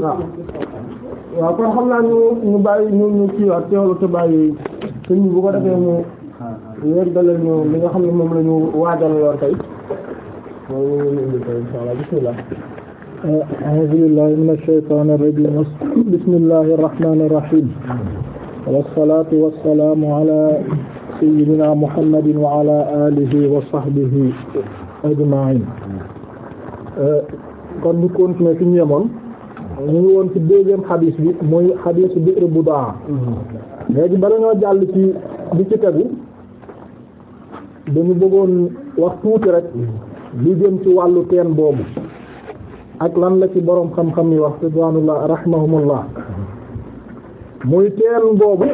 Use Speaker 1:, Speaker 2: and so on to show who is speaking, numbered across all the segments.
Speaker 1: waaw waaw kon
Speaker 2: xam naa ñu ñu bàyyi ñu ñu kii waat teewlu te bàyyi suñ bu ko defee mu yéen dalal ñu li nga xam ne moom la ñu waajal yoon tey moom la ñu indi tey insha Allah bismillah أعوذ بالله من الشيطان الرجيم بسم الله الرحمن الرحيم والصلاة والسلام على سيدنا محمد وعلى آله وصحبه أجمعين kon ñu continuer fi ñu yemoon ñu ngi woon ci deuxième xadiis bi muy xadiisu Bi'r Budaa mm-hmm. léegi bala ñoo jàll ci bi ci tegu dañu bëggoon wax tuuti rek mm-hmm. li jëm ci wàllu teen boobu ak lan la ci boroom xam-xam yi wax ridwanullah rahimahumullah mm-hmm. muy teen boobu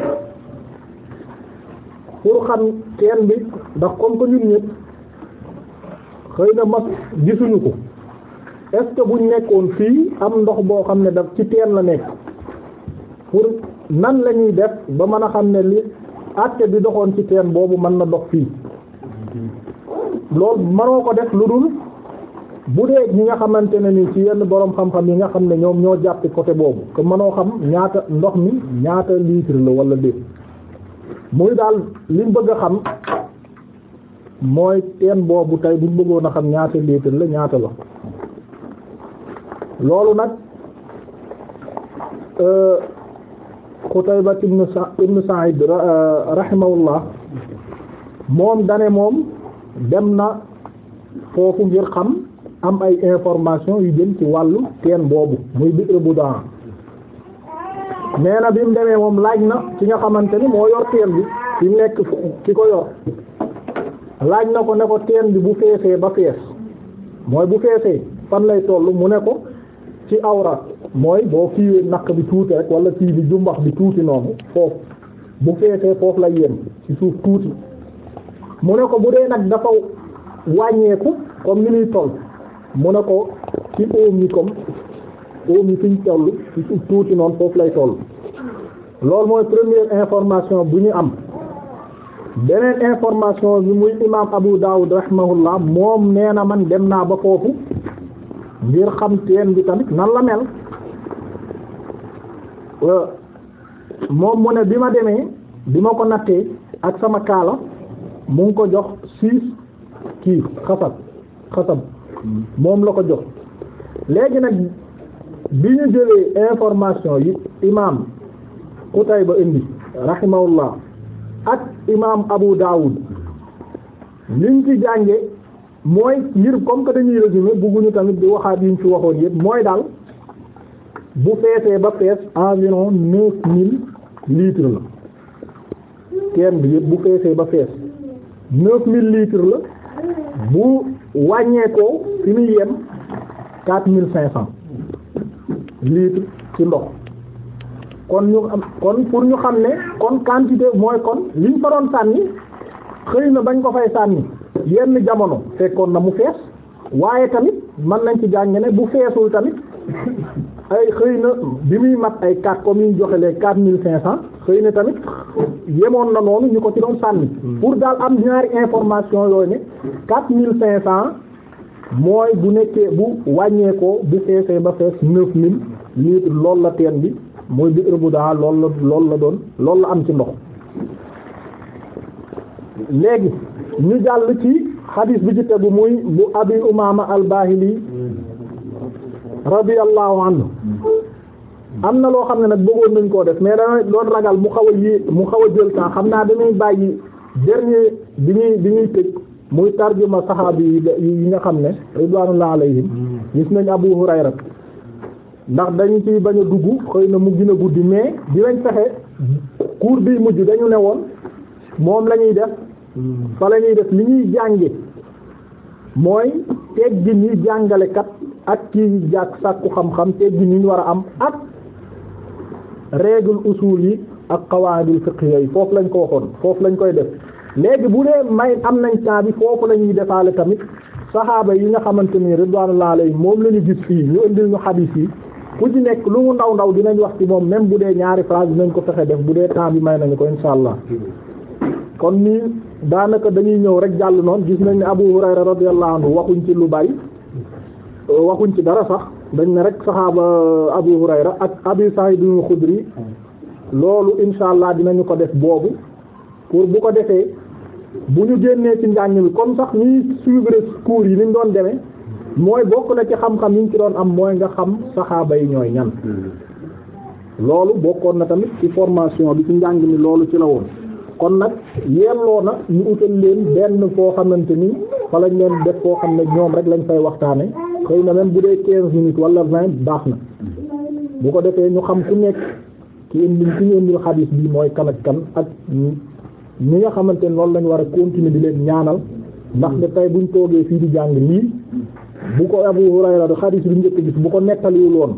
Speaker 2: pour xam teen bi ndax comme que ñun ñëpp xëy na mas gisuñu ko est buñ nekkoon fii am ndox boo xam ne daf ci teen la nekk pour nan la def ba mën a xam ne li àtte bi doxoon ci teen boobu mën na dox fii loolu mënoo ko def lu dul bu dee ñi nga xamante ne ni ci yenn borom xam-xam yi nga xam ne ñoom ñoo jàpp côté boobu que mënoo xam ñaata ndox mi ñaata litre la wala déet muy daal li bëgg a xam mooy teen boobu tey buñ bëggoon a xam ñaata litre la ñaata la loolu nag euh, Qutayba ibn Sa'id ibn Sa'id euh, rahimahullah moom dane moom dem na foofu ngir xam am ay information yu jëm ci wàllu teen boobu muy biir bu daan nee na bi mu demee moom laaj na ci nga xamante ni moo yor teen bi ci nekk ci ko yor laaj na ko ne ko teen bi bu feesee ba fees mooy bu feesee fan lay toll mu ne ko ci awra mooy boo fiiwee naq bi tuuti rek wala fii bi jumbax bi tuuti noonu foofu bu feesee foofu la yem ci suuf tuuti mu ne ko bu dee nag dafa wàññeeku comme ni muy toll mu ne ko ci oom yi comme oom yi toll ci suuf tuuti noonu foofu lay toll loolu mooy première information bu ñu am beneen information bi muy imam Abu Dawud rahimahullah moom nee na man dem naa ba foofu ngir xam teen bi tamit nan la mel euh, moom mu ne bi ma demee bi ma ko nattee ak sama kaala mu ngi ko jox six kii xasab xasab moom la ko jox léegi nag bi ñu jëlee information yi imaam Qutayba indi rahimahullah ak imaam Abu Dawud liñ ci jànge mooy ngir comme que dañuy résumé bëgguñu tamit di waxaat yi ñu ci waxoon yëpp mooy daal bu feesee ba fees environ neuf mille litres la teen bi yëpp bu feesee ba fees neuf mille litres la bu wàññeekoo fi muy yem quatre mille cinq cents litres ci ndox kon ñu am kon pour ñu xam ne kon quantité mooy kon liñ fa doon sànni xëy na bañ ko fay sànni yenn jamono fekkoon na mu fees waaye tamit man nañ ci jàng bu feesul tamit ay xëy na bi muy mat ay quatre comme yi ñu joxe les quatre mille cinq cent xëy na tamit yemoon na noonu ñu ko ci doon sànni hmm. pour daal am ñaari information yooyu ne quatre mille cinq cent mooy bu nekkee bu wàññeekoo bu feesee ba fees neuf mille litres loolu la teen bi mooy bi ërbu daa loolu la loolu la doon loolu la am ci ndox léegi ñu jàll ci xadiis bi ci tegu muy bu abi umaama al-bahili radiyallahu anhu am na loo xam ne nag bëggoon nañ koo def mais dana doon ragal mu xaw a yi mu xaw a jël temps xam naa dañuy bàyyi dernier bi ñuy bi ñuy tëj muy tarjuma saxaabi yi nga xam ne ridwanullah alayhim gis nañ abu hurayra ndax dañ ci bañ a dugg xëy na mu gën guddi mais dinañ fexe cours bi mujj dañu ne woon moom lañuy def fa la ñuy def li ñuy jànge mooy teggin yi jàngalekat ak kii jàkk sàkku xam-xam teggin ni ñu war a am ak règle usul yi ak qawaidul fiqh yooyu foofu lañ ko waxoon foofu lañ koy def léegi bu dee may am nañ temps bi foofu la ñuy defaale tamit saxaaba yi nga xamante ni ridwanullahi alayhim moom la gis fii ñu indil ñu xadiis yi ku ci nekk lu mu ndaw ndaw dinañ wax ci moom même bu dee ñaari phrase dinañ ko fexe def bu dee temps bi may nañu ko insha allah daanaka dañuy ñëw rek jàll noonu gis nañ ne Abu Hurayra radiyallahu anhu waxuñ ci lu bari waxuñ ci dara sax dañ ne rek saxaaba Abu Hurayra ak Abi Sa'id al-Khudri loolu insha allah dinañu ko def boobu pour bu ko defee bu ñu génnee ci njàng mi comme sax ñuy suivre cours yi ni doon demee mooy bokk na ci xam-xam yi ñu ci doon am mooy nga xam saxaaba yi ñooy ñan hmm. loolu bokkoon na tamit ci formation bi ci njàng mi loolu ci la woon kon nag yelloo na ñu utal leen benn foo xamante ni fa lañ leen def foo xam ne ñoom rek lañ fay waxtaane xëy na même bu dee quinze minutes wala vingt baax na bu ko defee ñu xam ku nekk ki indil ki ñu indil xadiis bi mooy kan ak kan ak ñi nga xamante ne loolu lañ war a continuer di leen ñaanal ndax de tey buñ toogee fii di jàng lii bu ko Abu Hurayra xadiis bi njëkk gis bu ko nettaliwul woon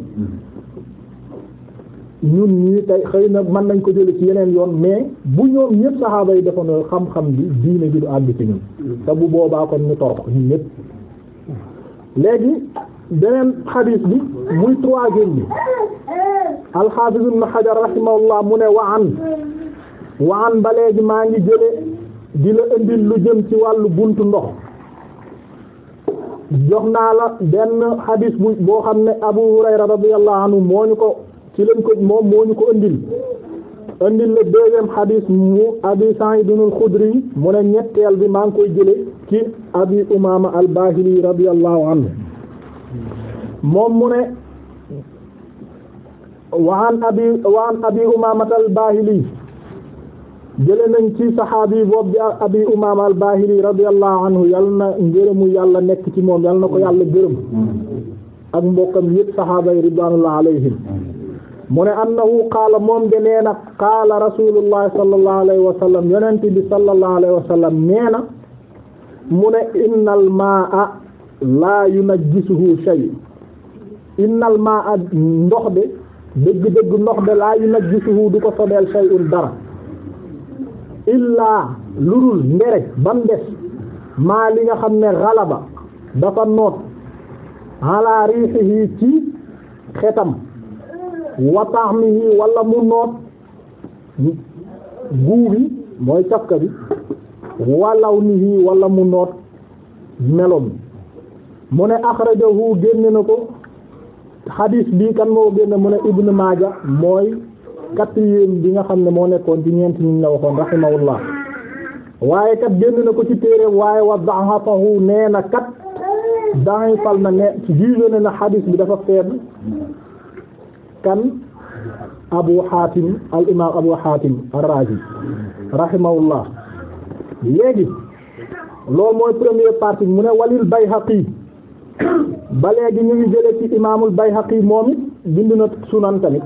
Speaker 2: ñun ñii tey xëy na mën nañ ko jële ci yeneen yoon mais bu ñoom ñëpp saxaaba yi defandoo xam-xam bi diine bi du àgg ci ñun te bu boobaa kon ñu torox ñun ñëpp léegi beneen xadiis bi muy troisième bi alxaafis ibn Hajar rahimahullah mu ne wa an ba léegi maa ngi jële di la indil lu jëm ci wàllu buntu ndox jox naa la benn xadiis bu boo xam ne Abu Hurayra radiyallahu anhu moo ñu ko ci lañ moom moo ñu ko indil indil la deuxième xadis mu abi Sa'id al-Khudri mu ne ñetteel bi maa ngi koy jële ci abi Umaama al-Bahili anhu moom mu ne waan abi abi Umaama al jële nañ ci saxaabi boobu di abi Umaama al-Bahili anhu yal na ngërëmu yàlla nekk ci moom yal na ko yàlla gërëm mm. ak mbokkam yépp saxaaba yi ridwaanullah alayhim mu ne annahu qaala moom de nee na qaala rasulullah sallallahu alayhi wa sallam yonent bi sallallahu alayhi wa sallam nee na mu ne innal maa laa yunajjisuhu shay innal maa ndox de dëgg-dëgg ndox de laa yunajjisuhu du ko sobeel shay'un dara illaa lurul ndere bam des maa li nga xam ne xalaba dafa noot ala riixihi ci xetam wa ta'mihi wala mu noot guu mooy cafka bi walaw nihi wala mu noot melom mu ne axrajahu génne na ko xadiis bi kat moo génn mu ne Ibn Maaja mooy quatrième bi nga xam ne moo nekkoon ci ñeent ñu la waxoon rahimahullah waaye kat génn na ko ci téere waaye wa da'afahu nee na kat da'ifal na ne jugé na xadiis bi dafa faible kan abu hatim al imaam abu hatim ar-razi rahimahullah léegi loolu mooy première partie mu ne walil bayhaqi ba léegi ñu ngi jële ci imaamul bayhaqi moom it bind na sunan tamit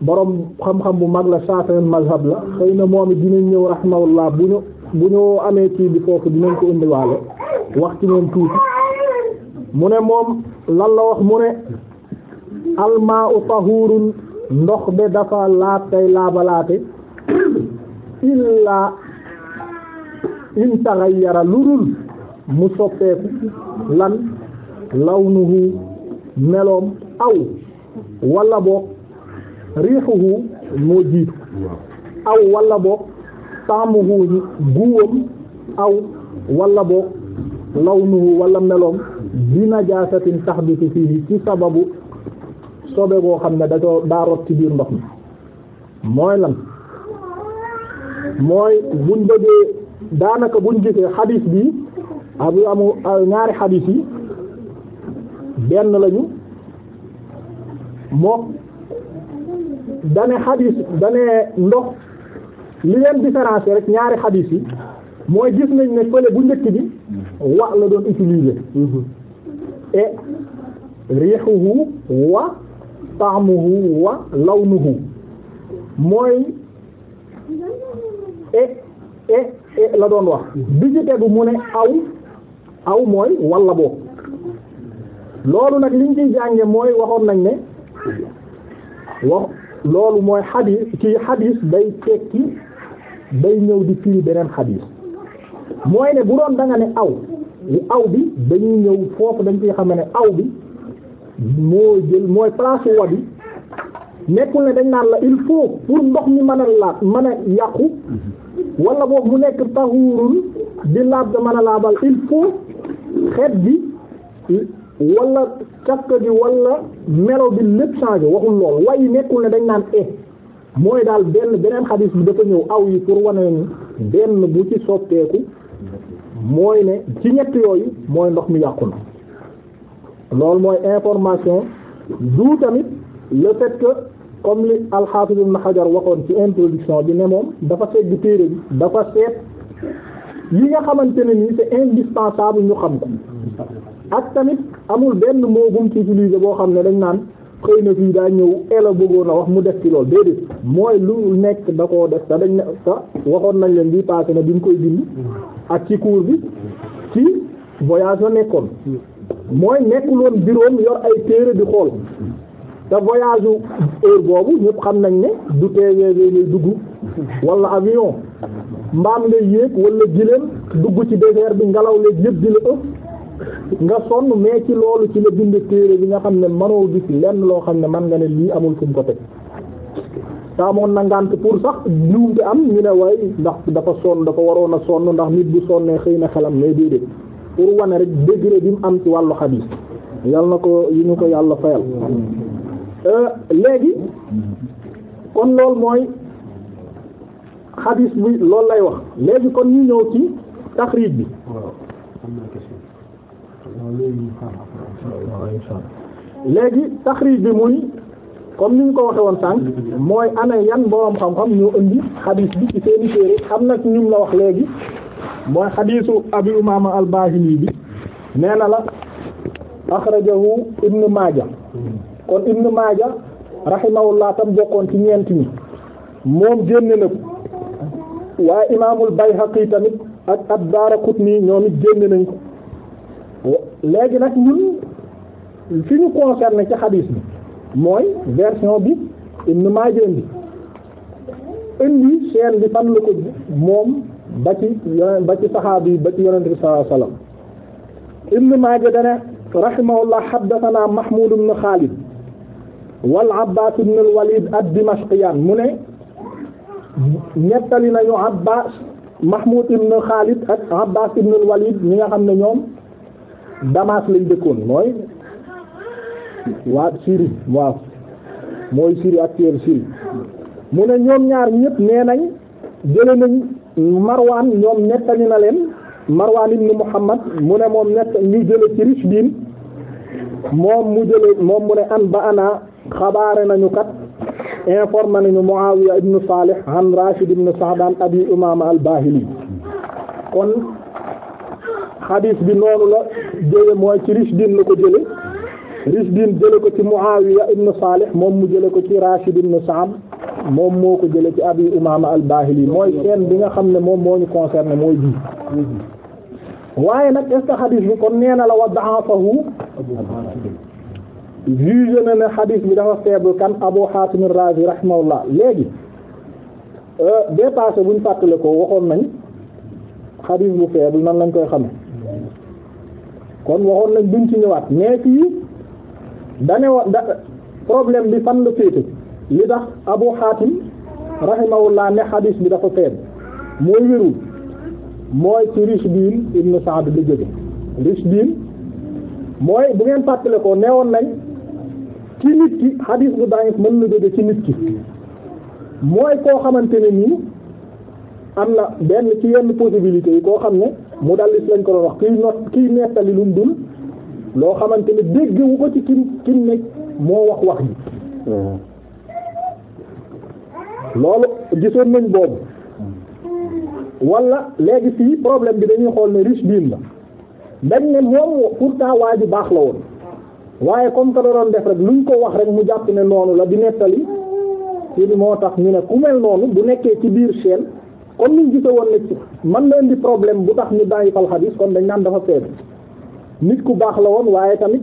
Speaker 2: borom xam-xam bu mag la Shafi'i mazhab la xëy na moom it dinañ ñëw rahimahullah bu ñu bu ñu amee kii bi foofu dinañ ko indiwaale wax ci moom tuuti mu ne moom lan la wax mu ne almaa u tahurun ndox de dafa laab tay laabalaate illaa in taghayyara lu dul mu soppeeku lan lawnuhu meloom aw wala boog riixuhu moo jiitu aw wala boog taamuhu guwam aw wala boog lawnuhu wala meloom bi najaasatin tahdutu fiihi ci sababu sobe boo xam ne da ko daa rot ci biir ndox mi mooy lan mooy buñ bëggee daanaka buñ gisee xadiis bi ak yu amu ñaari xadiis yi benn lañu moo dane xadiis dane ndox li leen différence rek ñaari xadiis yi mooy gis nañ ne fële bu njëkk bi wa la doon utiliser mhm. et riixuhu wa taamuhu wa lawnuhu mooy e e e la doon wax bi ci tegu mu ne aw aw mooy walla boo loolu nag liñ ciy jànge mooy waxoon nañ ne wax loolu mooy xadiis ci xadiis day tekki day ñëw di firi beneen xadiis mooy ne bu doon da nga ne aw aw bi dañuy ñëw foofu dañ ciy xam aw bi mooy jël mooy place wadi nekkul ne dañ naan la il faut pour ndox mi mën a laab mën a yàqu wala boobu mu nekk taxuurul di laab da mën a laabal il faut xet bi wala càkk bi wala melo bi lépp changé waxul lool waaye nekkul ne dañ naan e mooy daal benn beneen xadis bi dafa ñëw aw yi pour wane ni benn bu ci soppeeku mooy ne ci ñett yooyu mooy ndox mi yàqu na loolu mooy information du tamit le fait que comme li al-Hafiz Ibn waxoon ci introduction bi ne moom dafa segg téere bi dafa seet yi nga xamante ne nii c'est indispensable ñu xam ko ak tamit amul benn mot bu mu ci utiliser boo xam ne dañ naan xëy na fii daa ñëw ela bëggoon a wax mu def ci loolu déedéet mooy lu nekk da koo def te dañ ne ta waxoon nañ leen bi passé na bi ñu koy bind ak ci cours bi ci voyage la nekkoon mooy nekkul woon bureau yor ay téere di xool te voyage heure boobu ñëpp xam nañ ne du TGV ngay dugg wala avion mbaam nga yéeg wala giléem dugg ci désert bi ngelaw leeg yëpp di la ëpp nga sonn mais ci loolu ci la bind téere bi nga xam ne manoo gis lenn loo xam ne man nga ne lii amul fu mu ko teg taamoon na ngant pour sax juumte am ñu ne way ndax dafa sonn dafa waroon a sonn ndax nit bu sonnee xëy na xelam mais déedéet pour wane rek degré bi mu am ci wàllu xadiis yal na ko yi ñu ko yàlla fayal euh, léegi kon loolu mooy xadiis bi loolu lay wax léegi kon ñu ñëw ci taxriij bi léegi taxriij bi muy comme ni ñu ko waxe woon sànq mooy ana yan boroom xam-xam ñoo indi xadiis bi ci seeni téere xam nag ñum la wax léegi mooy xadiisu abi umaama al bi nee na la axrajahu ibnu maaja kon ibnu maaja rahimahullah tam bokkoon ci ñeent ñi moom génne na ko waaye imaamul bayhaqi tamit ak ak daaraqutni ñoom it génne nañ ko léegi nag ñun fi ñu concerné ci xadiis bi mooy version bi ibnu maaja indi indi seen bi fan la ko moom ba ci yonent ba ci saxaaba ba ci yonent bi sallallahu alayhi wa sallam ibn Maaja dana rahimahullah haddathana Mahmud ibn Khalid wal Abbas ibn al Walid ad mu ne ñettali nañu Abbas Mahmud ibn Khalid ak Abbas ibn al ñi nga xam ne ñoom Damas lañ dëkkoon mooy waa Syrie waaw mooy Syrie actuelle Syrie mu ne ñoom ñaar ñëpp nee nañ jële nañ Marwan ñoom nettali na leen Marwan ibn Muhammad mu ne moom nett ñu jële ci Rishdin moom mu jële moom mu ne an ba ana xabaare nañu kat informé nañu Muawiya ibn Salih an Rashid ibn Sa'dan Abi Umama al-Bahili kon xadiis bi noonu la jële mooy ci Rishdin la ko jële Rishdin jële ko ci Muawiya ibn Salih moom mu jële ko ci Rashid ibn Sa'd moom moo ko jële ci abi umama al-bahili mooy seen bi nga xam ne moom moo ñu concerné mooy bii waaye nag est-ce que xadis bi kon nee na la wax wa da'afahu juge na ne xadis bi dafa faible kan abu hatim ar-razi rahimahullah léegi euh, dépassé buñ fàttale ko waxoon nañ xadis bu faible nan lañ koy xam kon waxoon nañ duñ ci ñëwaat nee fii dane wa da problème bi fan la féete li tax Abu Hatim rahimahullah ne xadis bi dafa feeb mooy wérul mooy ci Rishdin ibn Sa'd di jóge Rishdin mooy bu ngeen fàttale ko neewoon nañ ci nit ki xadis bu da'if mën na jóge ci nit ki mooy koo xamante ne nii am na benn ci yenn possibilité yi koo xam ne mu dallis lañ ko doon wax kiy not kiy nettali lu dul loo xamante ne dégg wu ko ci kim kim nekk moo wax wax ji hmm. loolu gisoon nañ boobu wala léegi fii problème bi dañuy xool ne riche biir la dañ ne moom pourtant waa ji baax la woon waaye comme que da doon def rek luñ ko wax rek mu jàpp ne noonu la di nettali ci moo tax ñu ne ku mel noonu bu nekkee ci biir chaîne comme niñ gise woon ne ci man leen di problème bu tax ñu bàyyi fal xadis kon dañ naan dafa faible nit ku baax la woon waaye tamit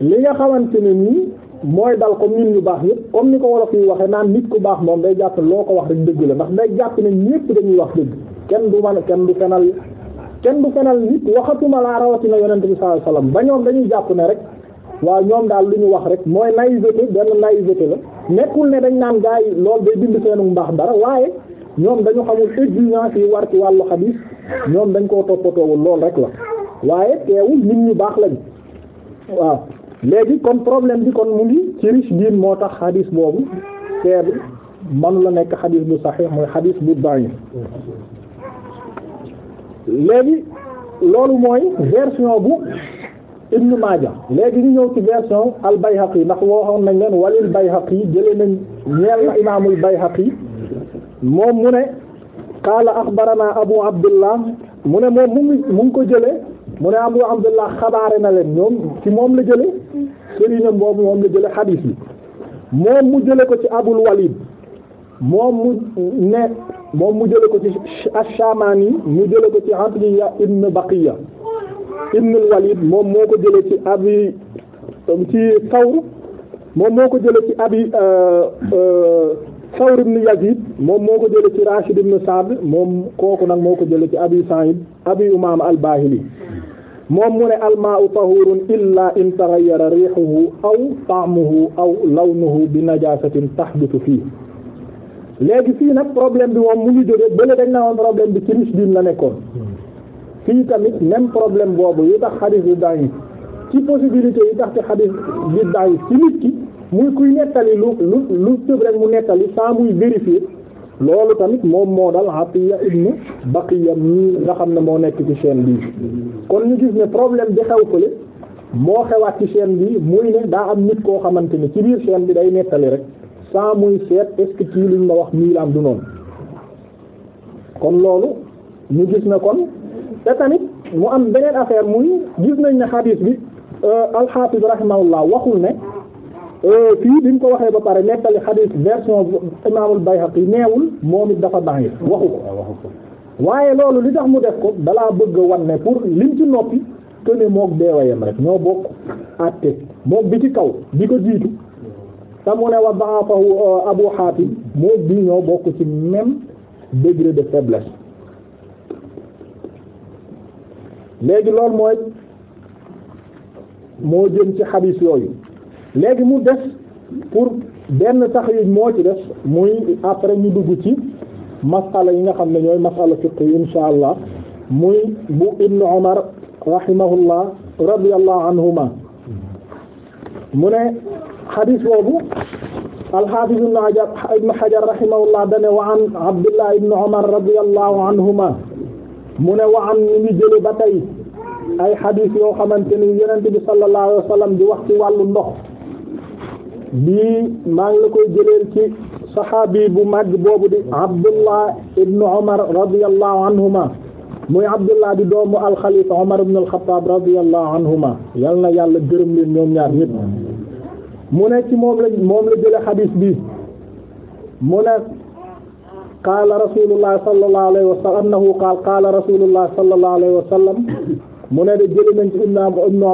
Speaker 2: li nga xamante ne nii mooy dal comme nit ñu baax yëpp comme ni ko wolof yi waxee naan nit ku baax moom day jàpp loo ko wax rek dëgg la ndax day jàpp ne ñépp dañuy wax dëgg kenn du man kenn du fenal kenn du fenal nit waxatuma laa rawatina yonent bi sallallahu alayhi wasallam ba ñoom dañuy jàpp ne rek waaw ñoom daal lu ñu wax rek mooy naïveté benn naïveté la nekkul ne dañ naan gaa yi loolu day bind seenu mbaax dara waaye ñoom dañu xamul exigence yi war ci wàllu xadiis ñoom dañ koo toppatoowul lool rek la waaye teewul nit ñu baax lañ waaw léegi kon problème bi kon mu ngi ci riche biir moo tax xadis boobu faible manu la nekk xadis bu saxiix mooy xadis bu da'if léegi loolu mooy version bu Ibn Maaja léegi ñu ñëw ci version al Bayhaqi ndax waxoon nañ leen walil Bayhaqi jëlee nañ ñeel na imaamul Bayhaqi moom mu ne qaala axbarana Abu Abdullah mu ne moom mu ngi mu ngi ko jëlee. mu ne Abu Abdullah xabaare na leen ñoom ci moom la jële sëriñam boobu moom la jële xadiis bi moom mu jële ko ci Abul Walid moom mu ne moom mu jële ko ci Ash-Shamani mu jële ko ci Atiyya ibn Baqiya ibn al moom moo ko jële ci abi um, ci Sawr moom moo ko jële ci abi Sawr uh, uh, ibn Yazid moom moo ko jële ci Rashid ibn Sa'd moom kooku nag moo ko jële ci abi Sa'id abi Umaama al-Bahili moom mu ne almaa'u tahuurun illaa in taghayyara riihuhu aw ta'muhu aw lawnuhu bi najaasatin tahdutu fii léegi fii nag problème bi moom mu ngi jóge bële dañ na woon problème bi ci Rishdine la nekkoon fii tamit même problème boobu yi tax xadis bi daif ci possibilité yi tax ci xadis bi daif ci nit ki muy kuy nettali lu lu lu tëb rek mu nettali sans muy vérifier loolu tamit moom moo dal Atiya ibn Baqiya mi nga xam ne moo nekk ci chaîne bi kon ñu gis ne problème bi xew fële moo xewaat ci seen bi muy ne daa am nit koo xamante ne ci biir chaîne bi day nettali rek saa muy seet est-ce que kii ma wax nii la am du noonu kon loolu ñu gis ne kon te tamit mu am beneen affaire muy gis nañ ne xadiis bi euh, al-Hafiz rahimahullah waxul ne Euh, fii bi mu ko waxee ba pare nettali xadiis version imaamul Bayhaqi neewul moom it dafa daif ah, waxu ko waaye loolu li tax mu def ko dalaa bëgg a wan ne pour lim ci noppi que ne mook deewayam rek ñoo bokk àtte mook bi ci kaw bi ko jiitu te mu ne wa euh, Abu Hatim mook bi ñoo bokk ci même degré de faiblesse léegi lool mooy moo jëm ci xadiis yooyu léegi mu des pour benn tax yi moo ci des muy après ñu dugg ci masala yi nga xam ne ñooy masala fiqh insha allah muy bu ibnu umar rahimahullah radiyallahu anhuma mu ne xadiis boobu alxaafis ibnu hajar ibnu hajar rahimahullah dane wa an abdullah ibnu umar radiyallahu mu ne wa an ñu ngi ba tey ay xadiis yoo xamante ni yonent bi sallallahu alayhi di wax ci wàllu ndox bii maa ngi la koy jëleel ci saxaabi bu màgg boobu di abdullah ibnu omar radiallahu anhuma muy abdullah di doomu alxalifa omar ibnu alxataab radiallahu anhuma yal na yàlla gërëm leen ñoom ñaar ñépp mu ne ci moom la moom la jële xadiis bi mu ne qaal qaala rasulullah mu ne de jëli nañ ci ibnu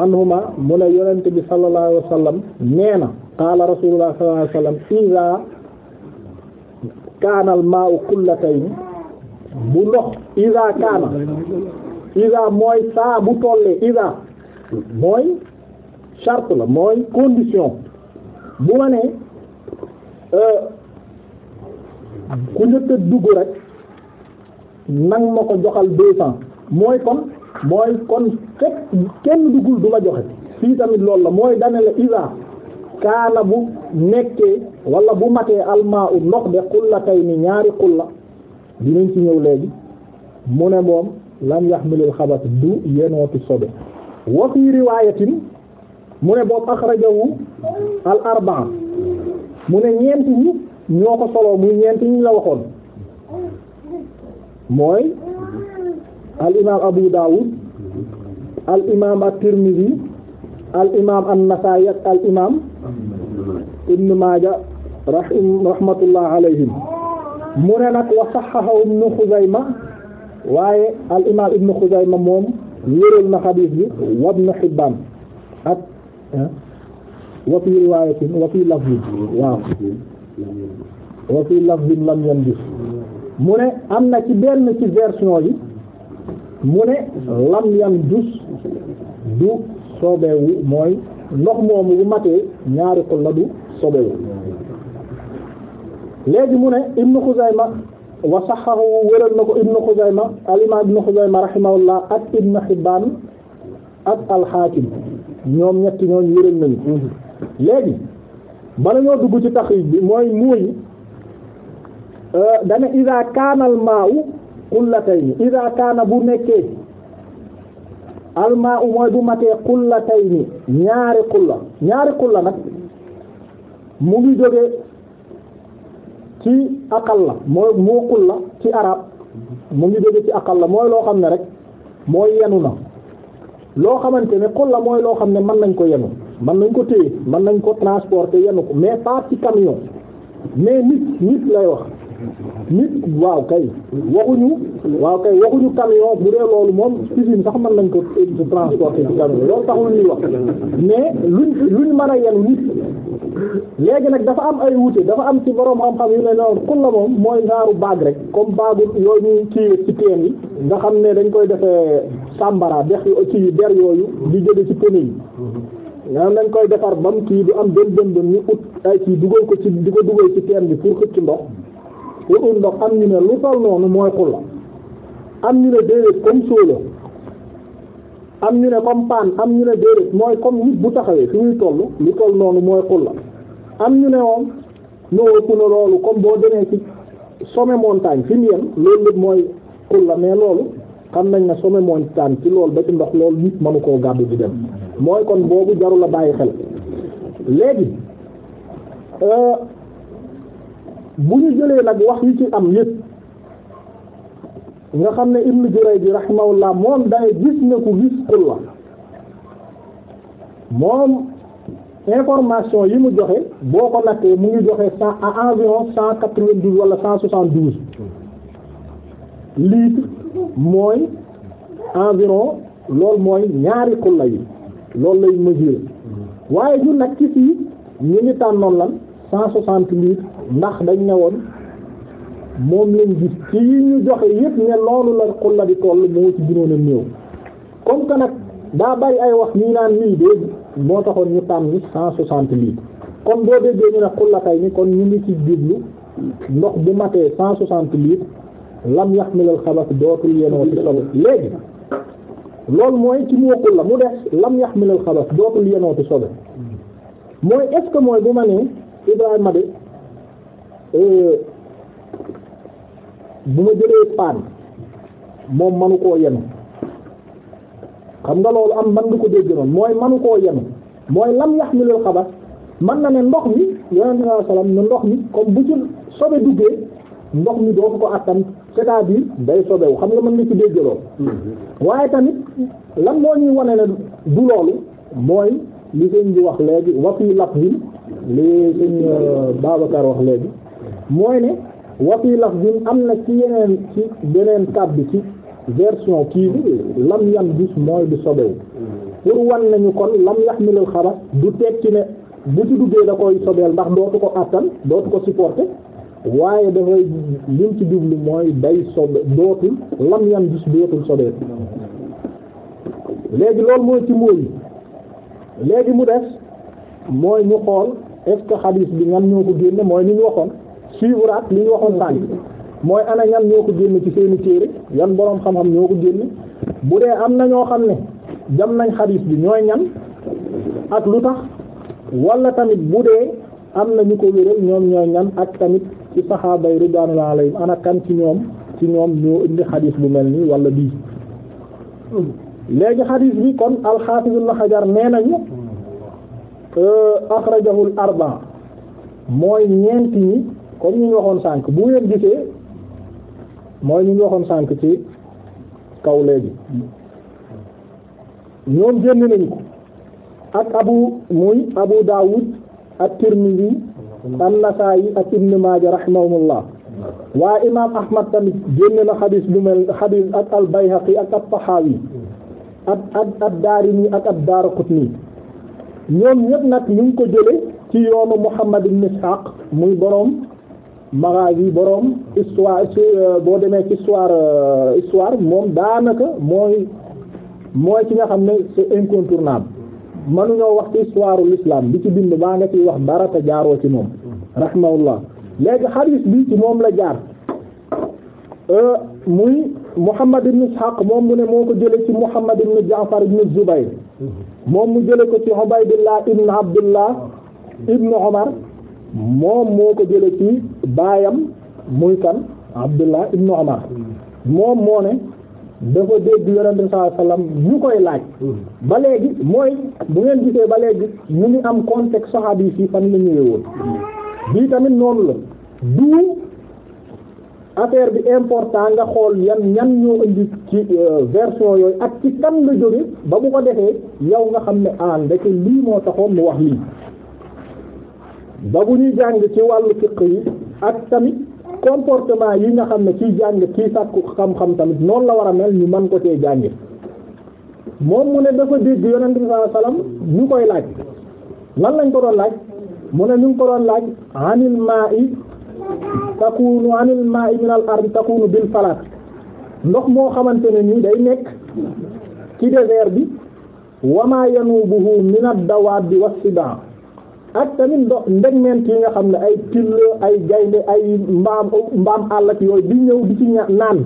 Speaker 2: anhuma mu ne yonent bi sallallahu alayhi wa na qaala rasulullah sallallahu alayhi wa sallam iza kaana al bu ndox iza kaana iza mooy saa bu tollee iza mooy charte la mooy condition bu ma ne euh, ku njëkk a rek nang ma ko joxal deux mooy kon mooy kon fekk kenn duggul du ma joxe fii tamit loolu la mooy danale la isa kaana bu nekkee walla bu matee almaa ut ndox de xulla tay ni ñaari xulla dinañ ci ñëw léegi mu ne moom lam yaxmilil xabas du yenootu sobe wa fi riwaayatin mu ne boobu axrajawu al arbaa mu ne ñeenti ñi ñoo ko soloo muy ñeenti ñi la waxoon mooy al imaam Abu Dawud al imaam at-Tirmidhi al Ibn Maaja rahmatullah alayhim mu ne nag wa sahhahu Ibn Khuzayma waaye al Ibn Khuzayma moom wéral na xadiis bi wa Ibn Hibbaan ak ah, wa fi riwaayatin wa fi lafzin waaw wa fi lafzin lam yanbis mu ne am na ci benn ci version yi mu ne lam yam du sobewu mooy ndox moomu bu matee ñaari xol la du sobewu léegi mu ne ibnu Xuzayma wa saxahu wéral na ko ibnu Xuzayma alimaam ibnu Xuzayma rahimahullah ak ibnu Hibbaan ak alxaakim ñoom ñetti ñooñ wéral nañu léegi bala ñoo dugg ci taxriij mooy muuy euh, dana idaa kaanal maawu xullatayni ida kaana bu nekkee almaa u mooy bu matee xullatayni ñaari xulla ñaari xulla nag mu ngi jógee ci aqal la mooy moo xulla ci arab mu ngi jógee ci aqal la mooy loo xam ne rek mooy yenu na loo xamante ne xulla mooy loo xam ne mën nañ ko yenu mën nañ ko téye mën nañ ko transporter yenu ko mais pas ci camion mais nit nit lay wax nit waaw kay waxuñu waaw kay waxuñu camion bu dee loolu moom usine sax man nañ ko transporter ci camion loolu taxul ñuy wax mais luñ luñ mën a yenu nit léegi nag dafa am ay wute dafa am ci borom xam-xam yu ne noonu xul la moom mooy naaru baag rek comme baagu yooyu ñuy kii ci teen yi nga xam ne dañ koy defee sàmbara dex ci der yooyu di jóge ci pneu yi ñaan dañ koy defar bam kii du am benn benn ñu ut ay kii dugal ko ci di ko dugal ci teen bi pour xëcc ndox wa ndox am ñu ne lu toll noonu mooy xulla am ñu ne déedéet comme sóola am ñu ne comme paan am ñu ne déedéet mooy comme nit bu taxawee fi muy toll lu toll noonu mooy xulla am ñu ne moom noo ëpp na loolu comme boo demee ci sommet montagne fi mu loolu lépp mooy la mais loolu xam nañ ne sommet montagne ci lool ba ci ndox loolu nit mënu koo gàddu di dem mooy kon boobu jarul a bàyyi xel léegi euh, bu ñu jëlee nag wax yi ci am yëpp nga xam ne Ibn Jurayj bi rahimahullah moom day gis ne ku gis xul la moom information yi mu joxe boo ko nattee mu ngi joxe cent à environ cent quatre-vingt-douze wala cent soixante-douze litres mooy environ loolu mooy ñaari xulla yi loolu lay mesurer waaye ñu nag ci fii ñu ngi tànnoon lan cent soixante litres ndax dañ ne woon moom lañ gis ci yi ñu joxe yëpp ne loolu la xulla di toll moo ci gënoon a néew comme que nag daa bari ay wax ñii naan lii de moo taxoon ñu tànn cent soixante litres comme boo déggee ñu ne xulla tay ni kon ñu ngi ci jublu ndox bu matee cent soixante litres lam yaxmilal xabas dootul yenoo ci léegi loolu mooy ci mu waxul la mu des lam yaxmilal xabas dootul yenoo ci sobe mooy est mooy bu ma nee Ibrahima de Euh, bu ma jëlee paan moom manu koo yenu xam nga loolu am man du ko dégg man mooy manu koo yenu mooy lam yaxmilul xabas man na ne ndox mi yonente bi ndox mi comme bu ci sobe duggee ndox mi doo ko attan c'est-à-dire day sobewu xam nga mën nga ci dégg loolu hmm. waaye tamit lan moo ñuy wane ne du loolu mooy li sëñ bi wax léegi wa fii lafzin li sëñ euh, Babacar wax léegi mooy ne wafi laf bi am na ci yeneen ci beneen kàddu ci version kii bi lam yam gis mooy du sobewu pour wan nañu kon lam yaxmilul xabar du tekki ne bu ci duggee da koy sobeel ndax dootu ko attan dootu ko supporter waaye dafay lim ci jublu mooy day sobe dootul lam yam gis dootul sobeel léegi loolu mooy ci mooy léegi mu des mooy ñu xool est-ce que xadiis bi ñan ñoo ko génne mooy ni ñu waxoon suivraat li ñu waxoon sànq mooy ana ñan ñoo ko génn ci seeni téere yan boroom xam-xam ñoo ko génn bu dee am na ñoo xam ne jam nañ xadiis bi ñooy ñan ak lu tax wala tamit bu dee am na ñu ko wéral ñoom ñooy ñan ak tamit ci saxaaba yi ridwanullahi alayhim ana kan ci ñoom ci ñoom ñoo indi xadiis bu mel nii wala bii léegi xadiis bi kon al-Hafiz Ibn Hajar nee nañu euh, axrajahul arba mooy ñeenti ñi comme ñu waxoon sànq bu ngeen gisee mooy ñu waxoon sànq ci kaw léegi ñoom génn nañu ko ak abu muy abu daawud ak tirmidhi an-nasaa'i ak ibn maaja rahimahumullah waa imaam ahmad tamit génn na xadis bu mel xadis ak al bayhaqi ak ab tahawi ak ak ak daarimi ak ab daaraqutni ñoom ñépp nag ñu ngi ko jële ci yoonu muhammad ibn ishaq muy boroom Maghâzî borom histoire ci euh, boo demee ci histoire euh, histoire moom daanaka mooy mooy ci nga xam ne c'est incontournable mënuñoo wax ci histoire l'islam bi ci bind baa nga ciy wax dara te jaaroo ci moom rahimahullah léegi xadiis bi ci moom la jaar euh, muy Muhammad ibn Ishaq moom mu ne moo ko jële ci Muhammad ibn Jaafar ibn Zubayr moom mu jële ko ci Ubaydillah ibn Abdullah ibn Umar moom moo ko jële ci baayam muy kan abdullah ibnu umar moom moo ne dafa dégg yonente bi sallallahu ñu koy laaj mm-hmm. ba léegi mooy bu ngeen gisee ba léegi ñu ngi am contexte saxaaba yi fii fan la ñëwee woon mm-hmm. bii tamit noonu la du affaire bi important nga xool yan ñan ñoo indi ci euh, version yooyu ak ci kan la jóge ba mu ko defee yow nga xam ne ah ndeke lii moo taxoon mu wax lii ba bu ñuy jàng ci wàllu fiq yi ak tamit comportement yi nga xam ne ci jàng ci sàkku xam-xam tamit noonu la war a mel ni man ko cee jàngi moom mu ne dafa dégg yonent bi sallallahu koy laaj lan lañ ko laaj mu ne ñu ngi laaj anil ma'i takunu anil ma'i min al ndox moo xamante ne nii day nekk ci désert bi wama yanubuhu min ad-dawaab bi was-sida ak tamit ndox ndegmeent yi nga xam ne ay till ay gaynde ay mbaam mbaam àll ak yooyu di ñëw di ci ña naan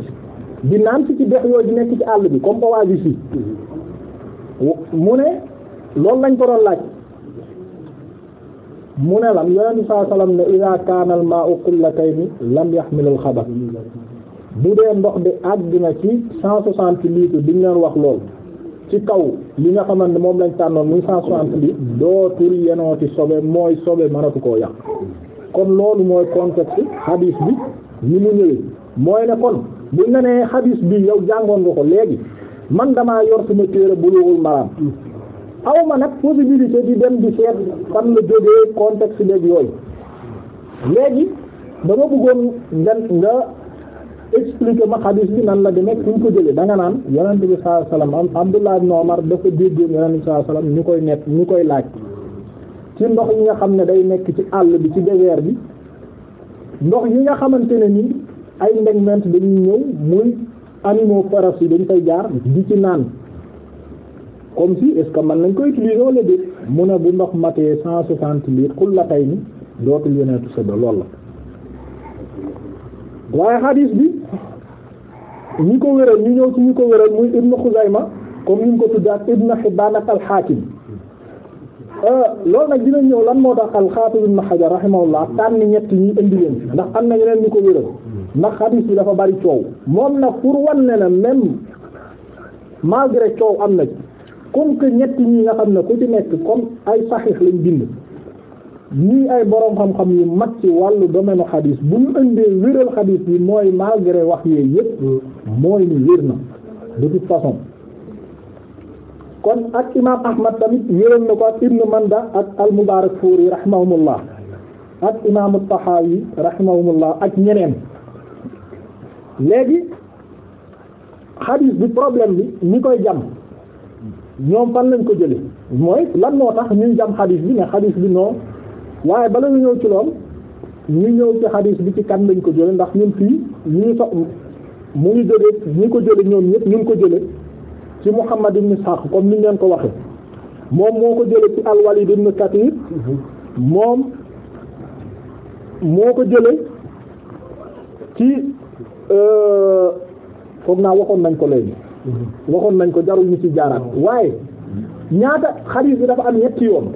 Speaker 2: di naan si ci dex yooyu di nekk ci àll bi comme oasis yi mu ne loolu lañ ko doon laaj mu ne lan yonent bi sallallahu alayhi wasallam ne iza kana al ma'u qullatayn lam yahmil al khabath bu dee ndox bi àgg na ci cent soixante litres bi ñu wax lool ci kaw li nga xamante moom lañ tànnoon muy cent soixante bi dootul yenooti sobe mooy sobe mënatu koo yàq kon loolu mooy contexte hadis bi ni mu ñëwee mooy ne kon buñ la nee bi yow jàngoon nga ko léegi man damaa yor sama bu Bulughul Maram aw ma nag possibilité di dem di seet fan la jógee contexte beeg yooyu léegi dama bëggoon nga nga. expliquer ma xadis bi nan la demee fu ñu ko jëlee da naan yonent bi sa alayhi wasallam am Abdullah ibn Umar dafa déggoon yonent bi sallallahu alayhi ñu koy nekk ñu koy laaj ci ndox yi nga xam ne day nekk ci àll bi ci désert bi ndox yi nga xamante ne ni ay ndegment dañuy ñëw muy animaux féroces dañ koy jaar di ci naan comme si est man nañ koy utiliser wala déet mu ne bu ndox matee cent soixante litres xul la tey ni dootul yonentu sëdda lool la waaye xadiis bi ñi ko wéral ñu ñëw ci ñu ko wéral muy ibnu ma comme ni ñu ko tuddaat ibnu Hibbaan ak al-Haakim euh, loolu nag dinañ ñëw lan moo tax al-Haafiz ibnu Hajar rahimahullah tànn ñett ñi indi leen ndax am na ñeneen ñu ko wéral ndax xadiis bi dafa bari coow moom nag pour wan ne na même malgré coow am na comme que ñett ñi nga xam ne ku ci nekk comme ay saxiix lañ bind ñii ay boroom xam-xam yu mag ci wàllu domaine xadis bu ñu indee wéral xadis bi mooy malgré wax yee yëpp mooy ni wér na de toute façon kon ak imaam Ahmad tamit wéral na ko ak Ibn Manda ak al-Mubarakfuri rahimahumullah ak imaam at-Tahawi ak ñeneen léegi xadis bi problème bi ñi koy jam ñoom fan lañ ko jële mooy lan moo tax ñuy jam xadis bi ne xadis bi non. waaye bala ñu ñëw ci ñu ñëw ci xadis bi ci kan lañ ko jële ndax ñun fii ñu so mu ngi jële ñi ko jële ñoom ñëpp ñu ngi ko jële ci Muhammad ibn Ishaq comme ni ñu ko waxee moom moo ko jële ci al-Walid ibn Kathir moom moo ko jële ci euh, foog naa waxoon nañ ko léegi mm-hmm. waxoon nañ ko jarul ñu ci jaaraat waaye ñaata xadis bi dafa am ñetti yoon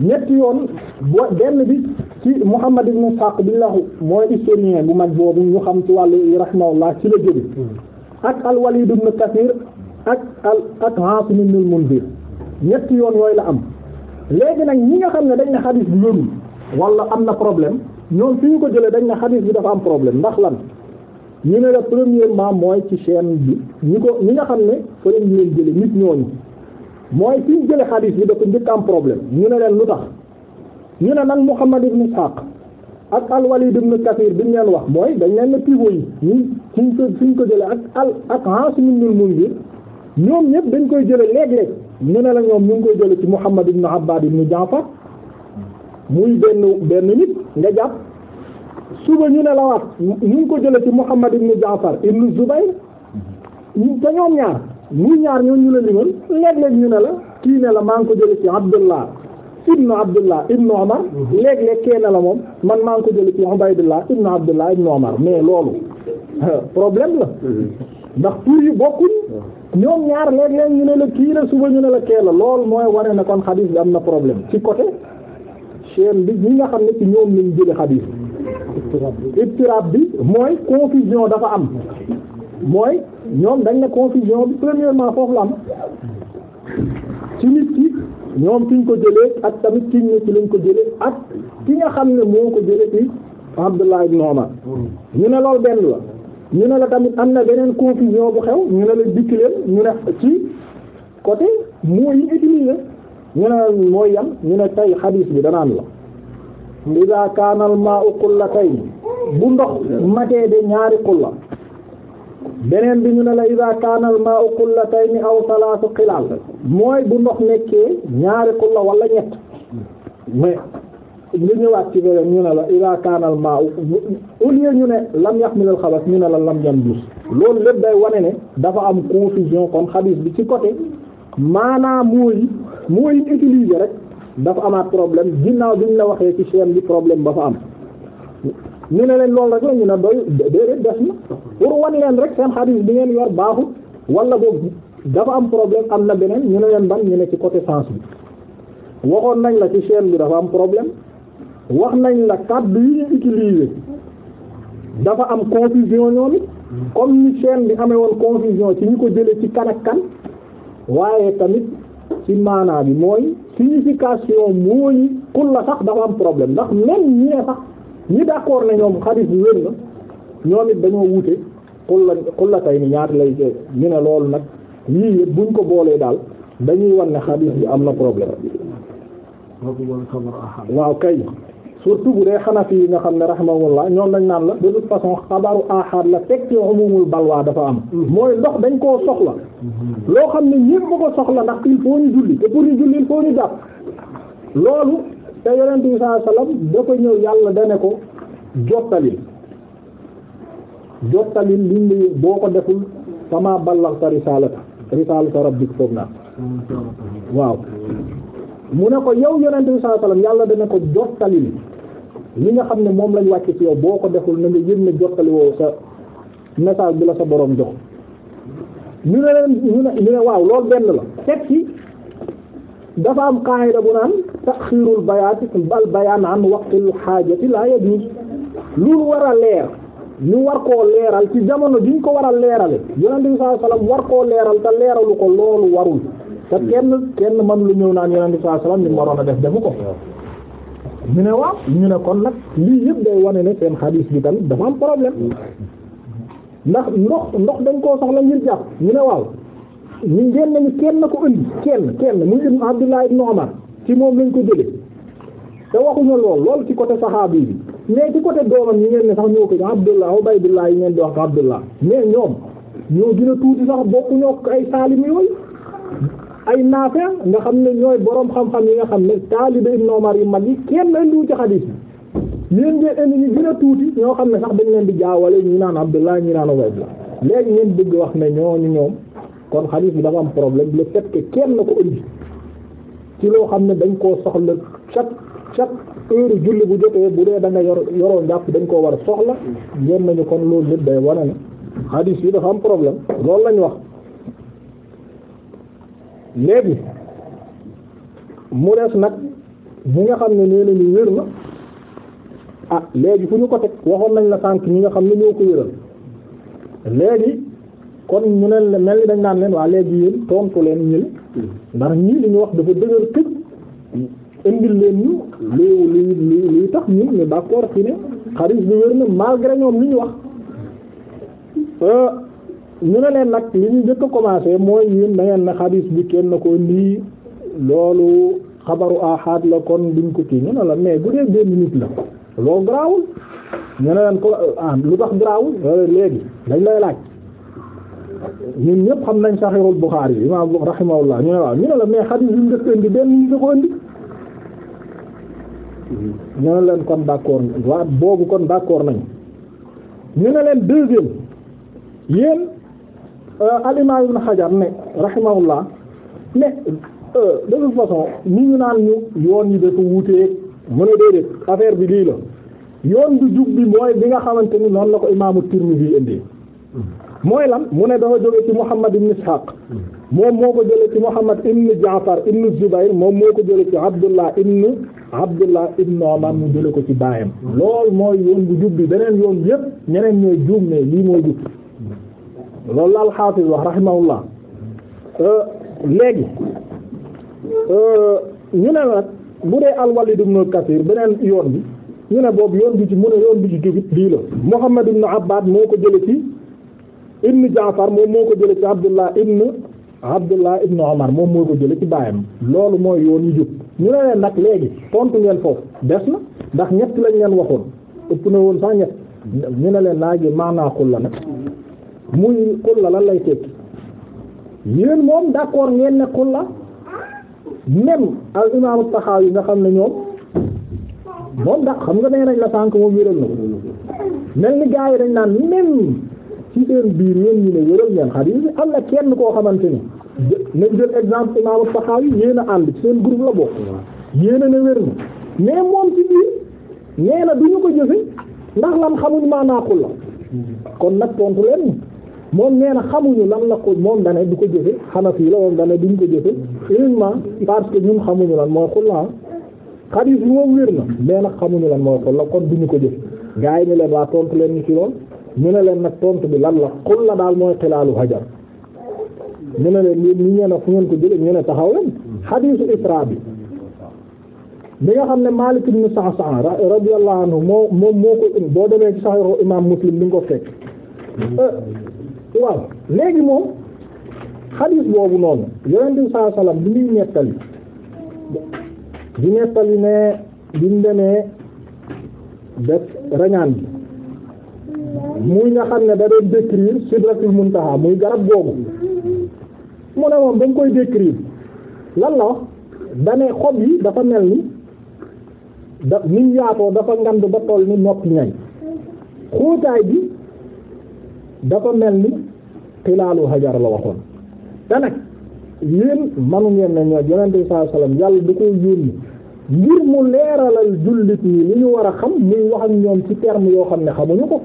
Speaker 2: ñetti yoon boo benn bi ci Muhammad ibn Ishaq bi lahu mooy historien bu mag boobu ñu xam ci wàllu rahimahullah ci la jóge ak al Walid ibn Kathir ak al ak Asim ibn biir ñetti yoon yooyu la am léegi nag ñi nga xam ne dañ ne xadis bi wérul wala am na problème ñoom fi ñu ko jëlee dañ ne xadis bi dafa am problème ndax lan ñu ne la ment mooy ci chaîne bi ñu ko ñi nga xam ne fa lañ leen jële nit ñooñu mooy fi ñu jëlee xadiis bi dafa njëkk am problème ñu ne leen lu tax ñu ne nag Muhammad ibn Ishaq ak al Walid ibn Kathir bi ñu wax mooy dañ leen ne pivot yi ñu suñ ko ko jëlee ak al ak Asim ibn Munzir ñoom ñëpp dañ koy jëlee léeg-léeg ñu ne la ñoom ñu koy jëlee ci Muhammad ibn Abbad ibn Jaafar muy benn benn nit nga jàpp suba ñu ne la wax ñu ngi ko jëlee ci Muhammad ibn Jaafar ibn Zubayr te ñoom ñaar. muy ñaar ñoo ñu la limal léeg-léeg ñu ne la kii ne la maa ngi ko jële ci Abdullah ibnu Abdullah ibnu Omar mhm. léeg-léeg kee ne la moom man maa ngi ko jële ci Ubaydullah ibnu Abdullah ibnu Omar mais loolu problème la mhm. ndax tur yi bokkul mhm. ñoom ñaar léeg-léeg ñu ne la kii la suba ñu ne la kee la loolu mooy wane ne kon xadiis bi am na problème ci côté chaîne bi ñi nga xam ne ci ñoom lañ jële xadiis bi ittirab bi mooy confusion dafa am mooy ñoom dañ ne confusion bi premièrement foofu la am ci nit ñoom fi ñu ko jëlee ak tamit ci ñu ci lañ ko jëlee ak ki nga xam ne moo ko jëlee ci Abdullah ibn Umar ñu ne loolu benn la ñu ne la tamit am na beneen confusion bu xew ñu ne la dikk leen ñu ne ci côté mooy yi utilisé ñu ne mooy yam ñu ne tey xadiis bi danaan la ida kaanal maa u qullatayn bu ndox matee de ñaari qulla beneen bi ñu ne la ida kaanal ma'u qullatayni aw salaasu xilaal mooy bu ndox nekkee ñaari xulla wala ñett mais nga ñëwaat ci beneen ñu ne la ida kaanal ma'u au lieu ñu ne lam yaxmilal xabas ñu ne la lam yanbus loolu lépp day wane ne dafa am confusion kon xadis bi ci côté maanaam mooy mooy utiliser rek dafa amaat problème ginnaaw bi ñu la waxee ci chaîne bi problème ba fa am ñu ne leen loolu rek la ñu ne doy déedéet des na pour wan leen rek seen xadiis bi ngeen yor baaxul wala boobu dafa am problème am na beneen ñu ne leen ban ñu ne ci côté sens bi waxoon nañ la ci chaîne bi dafa am problème wax nañ la kàddu yi ñu utiliser dafa am confusion ñoomi comme ni chaîne bi amee woon confusion ci ñu ko jëlee ci kan ak kan waaye tamit ci maanaa bi mooy signification mooy kun la sax dafa am problème ndax même ñi ne sax ñi d'accord na ñoom xadis bi wér na ñoom it dañoo wute xulla xulla tay ni ñaar lay jël ñu ne loolu nag yii yëpp buñ ko boolee daal dañuy wan ne xadis bi am na problème waaw kay surtout bu dee xanafi yi nga xam ne rahimahullah ñoom dañ naan la de toute façon xabaru ahad la teg ci umumul balwaa dafa am mooy ndox dañ koo soxla loo xam ne ñépp ko soxla ndax il faut ñu julli te pour ñu julli il ñu jàpp loolu te yonent bi saa salaam dafa ñëw yàlla da ne ko jottalil jottalil liñ li boo ko deful fama ballaghta risalata risalata rabbik foofu naa waaw mu ne ko yow yonent bi saa salaam yàlla da ne ko jottalil li nga xam ne moom lañ wàcc ci yow boo ko deful na nga yëg ne jottali woo sa message bi la sa borom jox ñu ne leen ñu ne ñu ne waaw loolu benn la teg dafa am qaayida bu naan taxiirul bayaati bal bayaan an waqtil xaajati laa yajuz lu war a leer ñu war koo leeral ci jamono juñ ko war a leerale yonent bi sallallahu war koo leeral te leeralu ko loolu warul te kenn kenn man lu ñëw naan yonent bi sallallahu alayhi wasallam ni mu waroon a def defu ko ñu ne waaw ñu ne kon nag lii yëpp day wane ne seen xadiis bi tamit dafa am problème ndax ndox ndox dañ koo soxla ngir jàpp ñu ne waaw ñu ngeen nañu kenn na ko indi kenn kenn muy ibn Abdullah ibn Umar ci moom lañ ko jëlee te waxuñu lool lool ci côté saxaabi bi mais ci côté doomam ñi ngeen ne sax ñoo ko Abdullah Ubaydullah yi ngeen di wax ko Abdullah mais ñoom ñoo gën tuuti sax bokku ñoo ko ay saalim yooyu ay naafe nga xam ne ñooy borom xam-xam yi nga xam ne taalibe ibn Umar yu mag yi kenn indiwu ci xadiis bi yéen ngeen indi ñu gën a tuuti ñoo xam ne sax dañ leen di jaawale ñu naan Abdullah ñu naan Ubaydullah léegi ngeen bëgg wax ne ñooñu ñoom kon xadiis bi dafa am problème le fait que kenn na ko indi ci loo xam ne dañ koo soxla chaque chaque heure julli bu jotee bu dee da nga yor yoroo njàpp dañ koo war a soxla ngeen nañu kon loolu lépp day wane ne xadiis bi dafa am problème loolu lañ wax léegi mu des nag ñi nga xam ne nee ni wér na ah léegi fu ñu ko teg waxoon nañ la tànk ñi nga xam ne ñoo ko wéral léegi kon ñu ne leen mel ni dañ naan leen waa léegi yéen tontu leen ñil ndax ñii li ñu wax dafa dëgër tëj indil leen ñu li li li tax ñun ñu d'accord ci ne xaris bi wér na malgré ñoom lu ñu wax euh, ñu ne leen nag li ñu njëkk a mooy yéen da ngeen ne xadis bi kenn ko nii loolu xabaru ahad la kon duñ ko kii ñu ne la mais bu dee benn nit la loo garaawul ñu ne leen ko ah, lu tax garaawul euh, léegi dañ lay laaj ñun ñëpp xam nañ Sahihul Bukhari imaam rahimahullah ñu ne waaw ñu ne la mais xadiis bi mu indi benn ñu ngi indi ñu ne leen kon d'accord waa boobu kon d'accord nañ ñu ne leen deuxième yéen euh, al-imaam Ibn Hajar ne rahimahullah ne euh, de toute façon ni ñu naan ñu yoon yi dafa wuuteeg mu ne déedéet affaire bi lii la yoon bu jub bi mooy bi nga xamante ni noonu la ko imaamu Tirmidhi indi mooy lan mu ne dafa jóge ci Muhammad ibn Ishaq moom moo ko jële ci Muhammad ibn Jaafar ibn Zubayr moom moo ko jële ci Abdullah ibn Abdullah ibn Umar mu jële ko ci baayam lool mooy yoon bu jub bi beneen yoon yépp ñeneen ñooy juum lii mooy jub loolu la al-Hafiz wax rahimahullah euh, léegi euh, ñu ne nag bu dee al-Walid ibn Kathir beneen yoon bi ñu ne boobu yoon bi ci mu ne yoon bi ci jubit lii la Muhammad ibn Abbad moo ko jële ci ibn Jaafar moom moo ko jële ci Abdullah ibn Abdullah ibn Omar moom moo ko jële ci baayam loolu mooy yoon yu jub ñu ne leen nag léegi tontu ngeen foofu des na ndax ñett lañ leen waxoon ëpp na woon sax ñett ñu ne leen laaj maanaa la nag muy xulla lan lay tekki yéen moom d'accord ngeen ne xulla même al imam Taxaawi yi nga xam ne ñoom moom ndax xam nga nee nañ la sànk moom wéral na mel ni gaa dañ naan même ci seen biir yéen ñu ne wéral ngeen xadiis bi am na kenn koo xamante ni nañ jël exemple imam Saxaawi yéen a ànd seen groupe la bokk yéen ne wér na mais moom ci biir nee na duñu ko jëfe ndax lan xamuñ maanaaqul la kon nag tontu leen moom nee na xamuñu lan la ko moom dane du ko jëfe xanafi la moom dane ñu ko jëfe uniquement parce que ñun xamuñu lan mooy xulla xadiis bi moom wér na mais xamuñu lan mooy xulla kon duñu ko jëfe gaa yi ñu leen waa tontu leen ñu ci lool ñu ne leen nag tontu bi lan la xul la daal mooy xilaalu hajar ñu ne leen yéen ñu ngeen a fu ngeen ko jëlee ñu ne taxaw leen xadiisu isra bi bi nga xam ne Maalik ibn Sa'sa'a radiyallahu anhu moom moo ko boo demee ci Sahih imam Muslim li nga ko fekk eh, waaw léegi moom xadiis boobu noonu yonent bi saa salaam bi muy nettali di nettali ne bi mu def rañaan bi muy nga xam ne da doon décrire sidratul muntaha muy garab googu mu ne moom ba mu koy décrire lan la wax dane xob yi dafa mel ni da niñ yaatoo dafa ngand ba toll ni noppi ñañ xóotaay bi dafa mel ni xilaalu hajar la waxoon te nag yéen manu ngeen ne ñoo yonente bi sallallahu alayhi wasallam yàlla du ko yónni ngir mu leeralal jullit ñi li ñu war a xam muy wax ak ñoom ci terme yoo xam ne xamuñu ko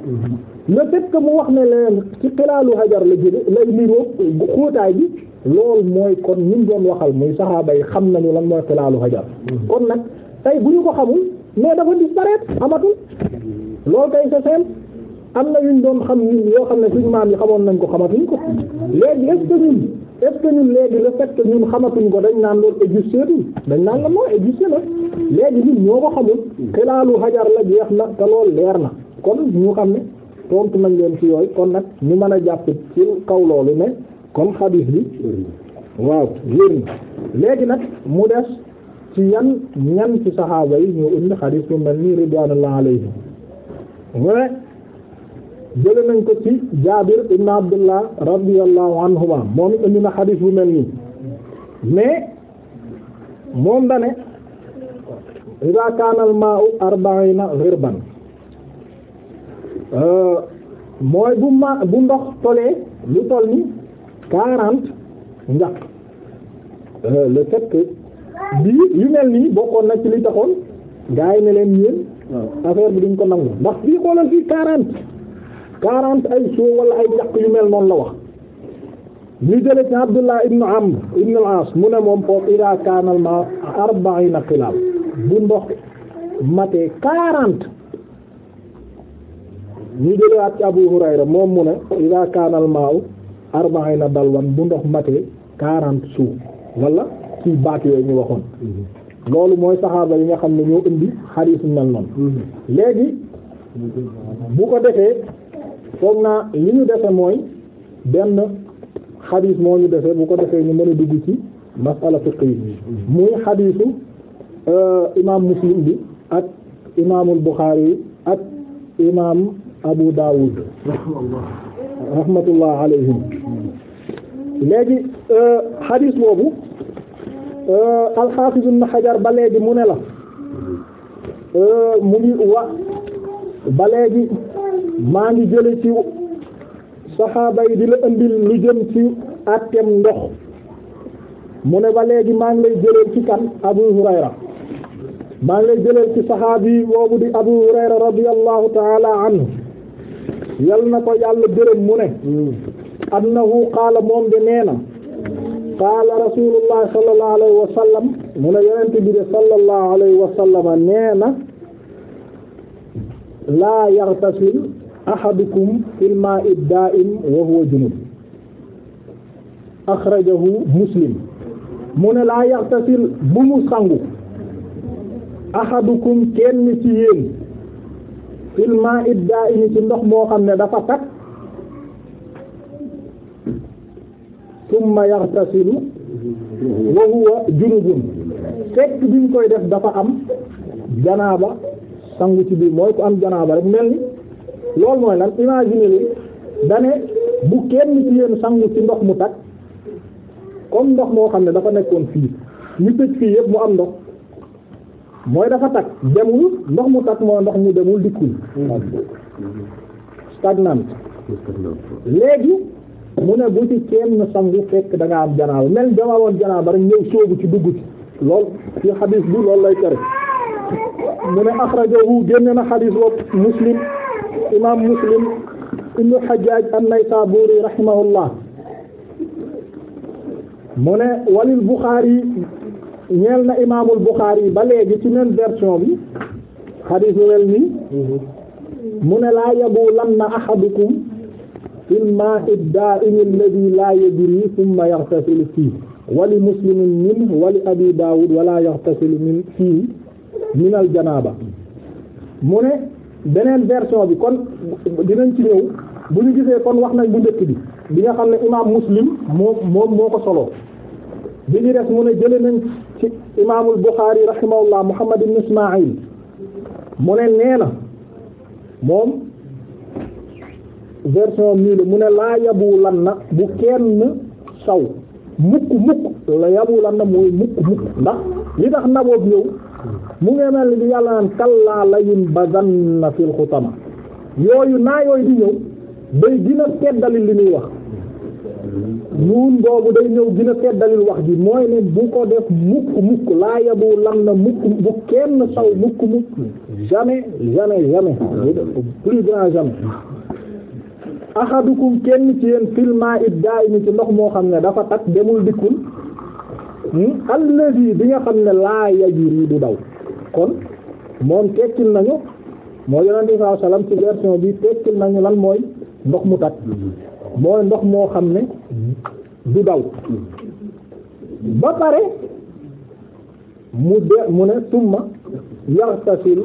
Speaker 2: le fait que mu wax ne leen ci xilaalu hajar la jële lay niroo xóotaay bi loolu mooy kon ñu doon waxal muy saxaaba yi xam nañu lan mooy xilaalu hajar mm-hmm. kon nag tey bu ñu ko xamul mais dafa disparaître amatul loolu kay sa seen na yuñ doon xam ñun yoo xam ne suñu maam yi xamoon nañ ko xamatuñ ko léegi est-ce que ñun est-ce que ñun léegi xamatuñ ko dañ naan loolu existé tuñ dañ naan la moo existé ñoo ko xamul xilaalu hajar la jeex na te loolu leer na kon ñu xam ne tontu nañ leen ci yooyu kon nag ñu mën a jàpp ci kaw loolu ne kon xadiis bi waaw wér léegi nag mu des ci yan ñan ci saxaaba yi ñoo indi xadiis bu mel nii ridwaanullah alayhi waaye jële nañ ko ci jaabir ibn abdullah radiallahu anhuma moom indi na xadiis bu mel nii mais moom dane ida kaanal maa'u a ghirban Euh, mooy bu ma bu ndox tolee lu toll ni quarante njaq euh, le fait que bii yu mel nii bokkoon na ci li taxoon gaa yi ne leen yéen affaire bi duñ ko nangu ndax bii xoolal fii quarante quarante ay soo wala ay njaq yu mel noonu la wax ñu jële ci Abdullah ibn Amr ibn al mu ne moom foofu ida kaanal ma arba'ina xilaal bu ndox matee quarante ñu jëlewaat ci Abu Hurayra moom mu ne ida kaanal maaw arbaina dalwan bu ndox matee quarante suuf wala ci baat yooyu ñu waxoon loolu mooy saxaaba yi nga xam ne ñoo indi xadiis mel noonu léegi bu ko defee foog naa li ñu defe mooy benn xadiis moo ñu defee bu ko defee ñu mën a dugg ci masala fiqh yi muy xadiisu euh, imaam muslim bi ak imaamul buxaari ak imaam Abu Dawud rahmatullah alayhim léegi xadiis euh, boobu euh, al-Hafiz Ibn ba léegi mu ne la euh, mu ngi wa ba léegi maa ngi jële ci saxaaba yi di la ëndil lu jëm ci àtteem ndox mu ne ba léegi maa ngi lay jëleel ci kan Abu Hurayra maa ngi lay jëleel ci saxaabi boobu di Abu Hurayra radiyallahu ta'ala anhu yal na ko yàlla gërëm mu ne hmm. annahu qaala moom de nee na qaala rasulullah sallallahu alayhi wa sallam mu ne yonent bi de sallallahu alayhi wa sallama nee na laa yaghtasil ahadukum fil wa huwa junub akhrajahu muslim mu ne laa yaghtasil bu mu sangu ahadukum kenn ci yéen fil it daa ini ndox moo xam ne dafa tat summa yartasilu wa huwa junubun fekk biñ koy def dafa am janaaba sangu ci biir mooy ku am janaaba rek mel ni loolu mooy lan imagine li dane bu kenn ci yéen sangu ci ndox mu tat comme ndox moo xam ne dafa nekkoon fii ñu tëj fii yëpp mu am ndox mooy dafa takk demul ndox mu tag mooy ndox mu demul dikkul stagnant léegi mu ne bu ci kenn sangu fekk da am janaaba mel dama woon janaaba rek ñëw sóobu ci dugg ci lool ci xadis bi loolu lay tere mu ne axrajahu génne na xadis boobu muslim imam muslim ibnu xajjaaj an-Naysaburi rahimahullah mu ne walil Buxaari ñeel na imaamul Buxaari ba léegi ci même version bi xadiis mu mel nii mhm. mu ne laa yabulanna ahadukum fil maa'i daa'imi alladhi laa yadri thumma yaghtasilu fiihi wa li muslimin minhu wa abi daawud wa laa yaghtasilu min min al janaaba mu ne beneen version bi kon dinañ ci ñëw bu ñu gisee kon wax nañ bu njëkk bi bi nga xam ne imaam muslim moo moom moo ko solo bi ñu des mu ne jële nañ ci imaamul Buxaari rahimahullah Muhammad ibn Ismaa'il mu ne nee na moom mu ne laa yabulan na bu kenn saw mukk mukk la yabulan na mooy mukk mukk ndax li tax naboob ñëw mu ngi mel ni yàlla naan kallaa fil xutama yooyu naa yooyu di ñëw bay dina teddali li muy wax nuun boobu day ñëw dina seddalil wax ji mooy ne bu ko def mukk mukk laa yabu lan na mukk bu kenn saw mukk mukk jamais jamais jamais plus kenn ci yéen filma it daay moo xam ne dafa takk demul dikkul hmm? bi nga xam ne laa yajiri du daw kon moom tekkil nañu moo yonente bi sallam ci version bi tekkil nañu lan mooy ndox mu takk mooy ndox moo xam ne du daw ba pare mu de mu ne summa yaxtasil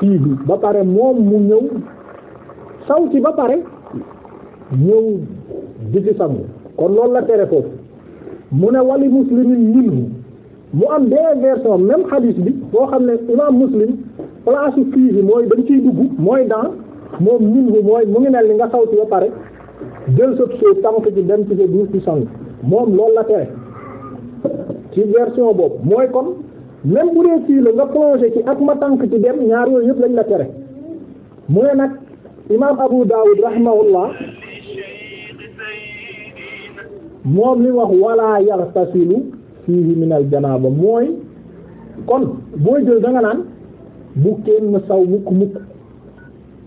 Speaker 2: fii bi ba pare moom mu ñëw saw ci ba pare ñëw di kon loolu la tere foofu mu ne wali muslimin minhu mu am deux versions même hadis bi boo xam ne imam muslim place fii bi mooy dañ ciy dugg mooy dans moom minhu mooy mu ngi mel li nga saw ci ba pare jël sa suuf tànk ci dem ci sa duus ci sang moom loolu la tere ci version boobu mooy comme même bu dee fii la nga plongé ci ak ma tànk ci dem ñaar yooyu yëpp lañ la tere mu ne nag imaam Abu Dawud rahimahullah moom li wax wala yartasilu fiihi min al janaaba mooy kon booy jël da nga naan bu kenn saw mukk mukk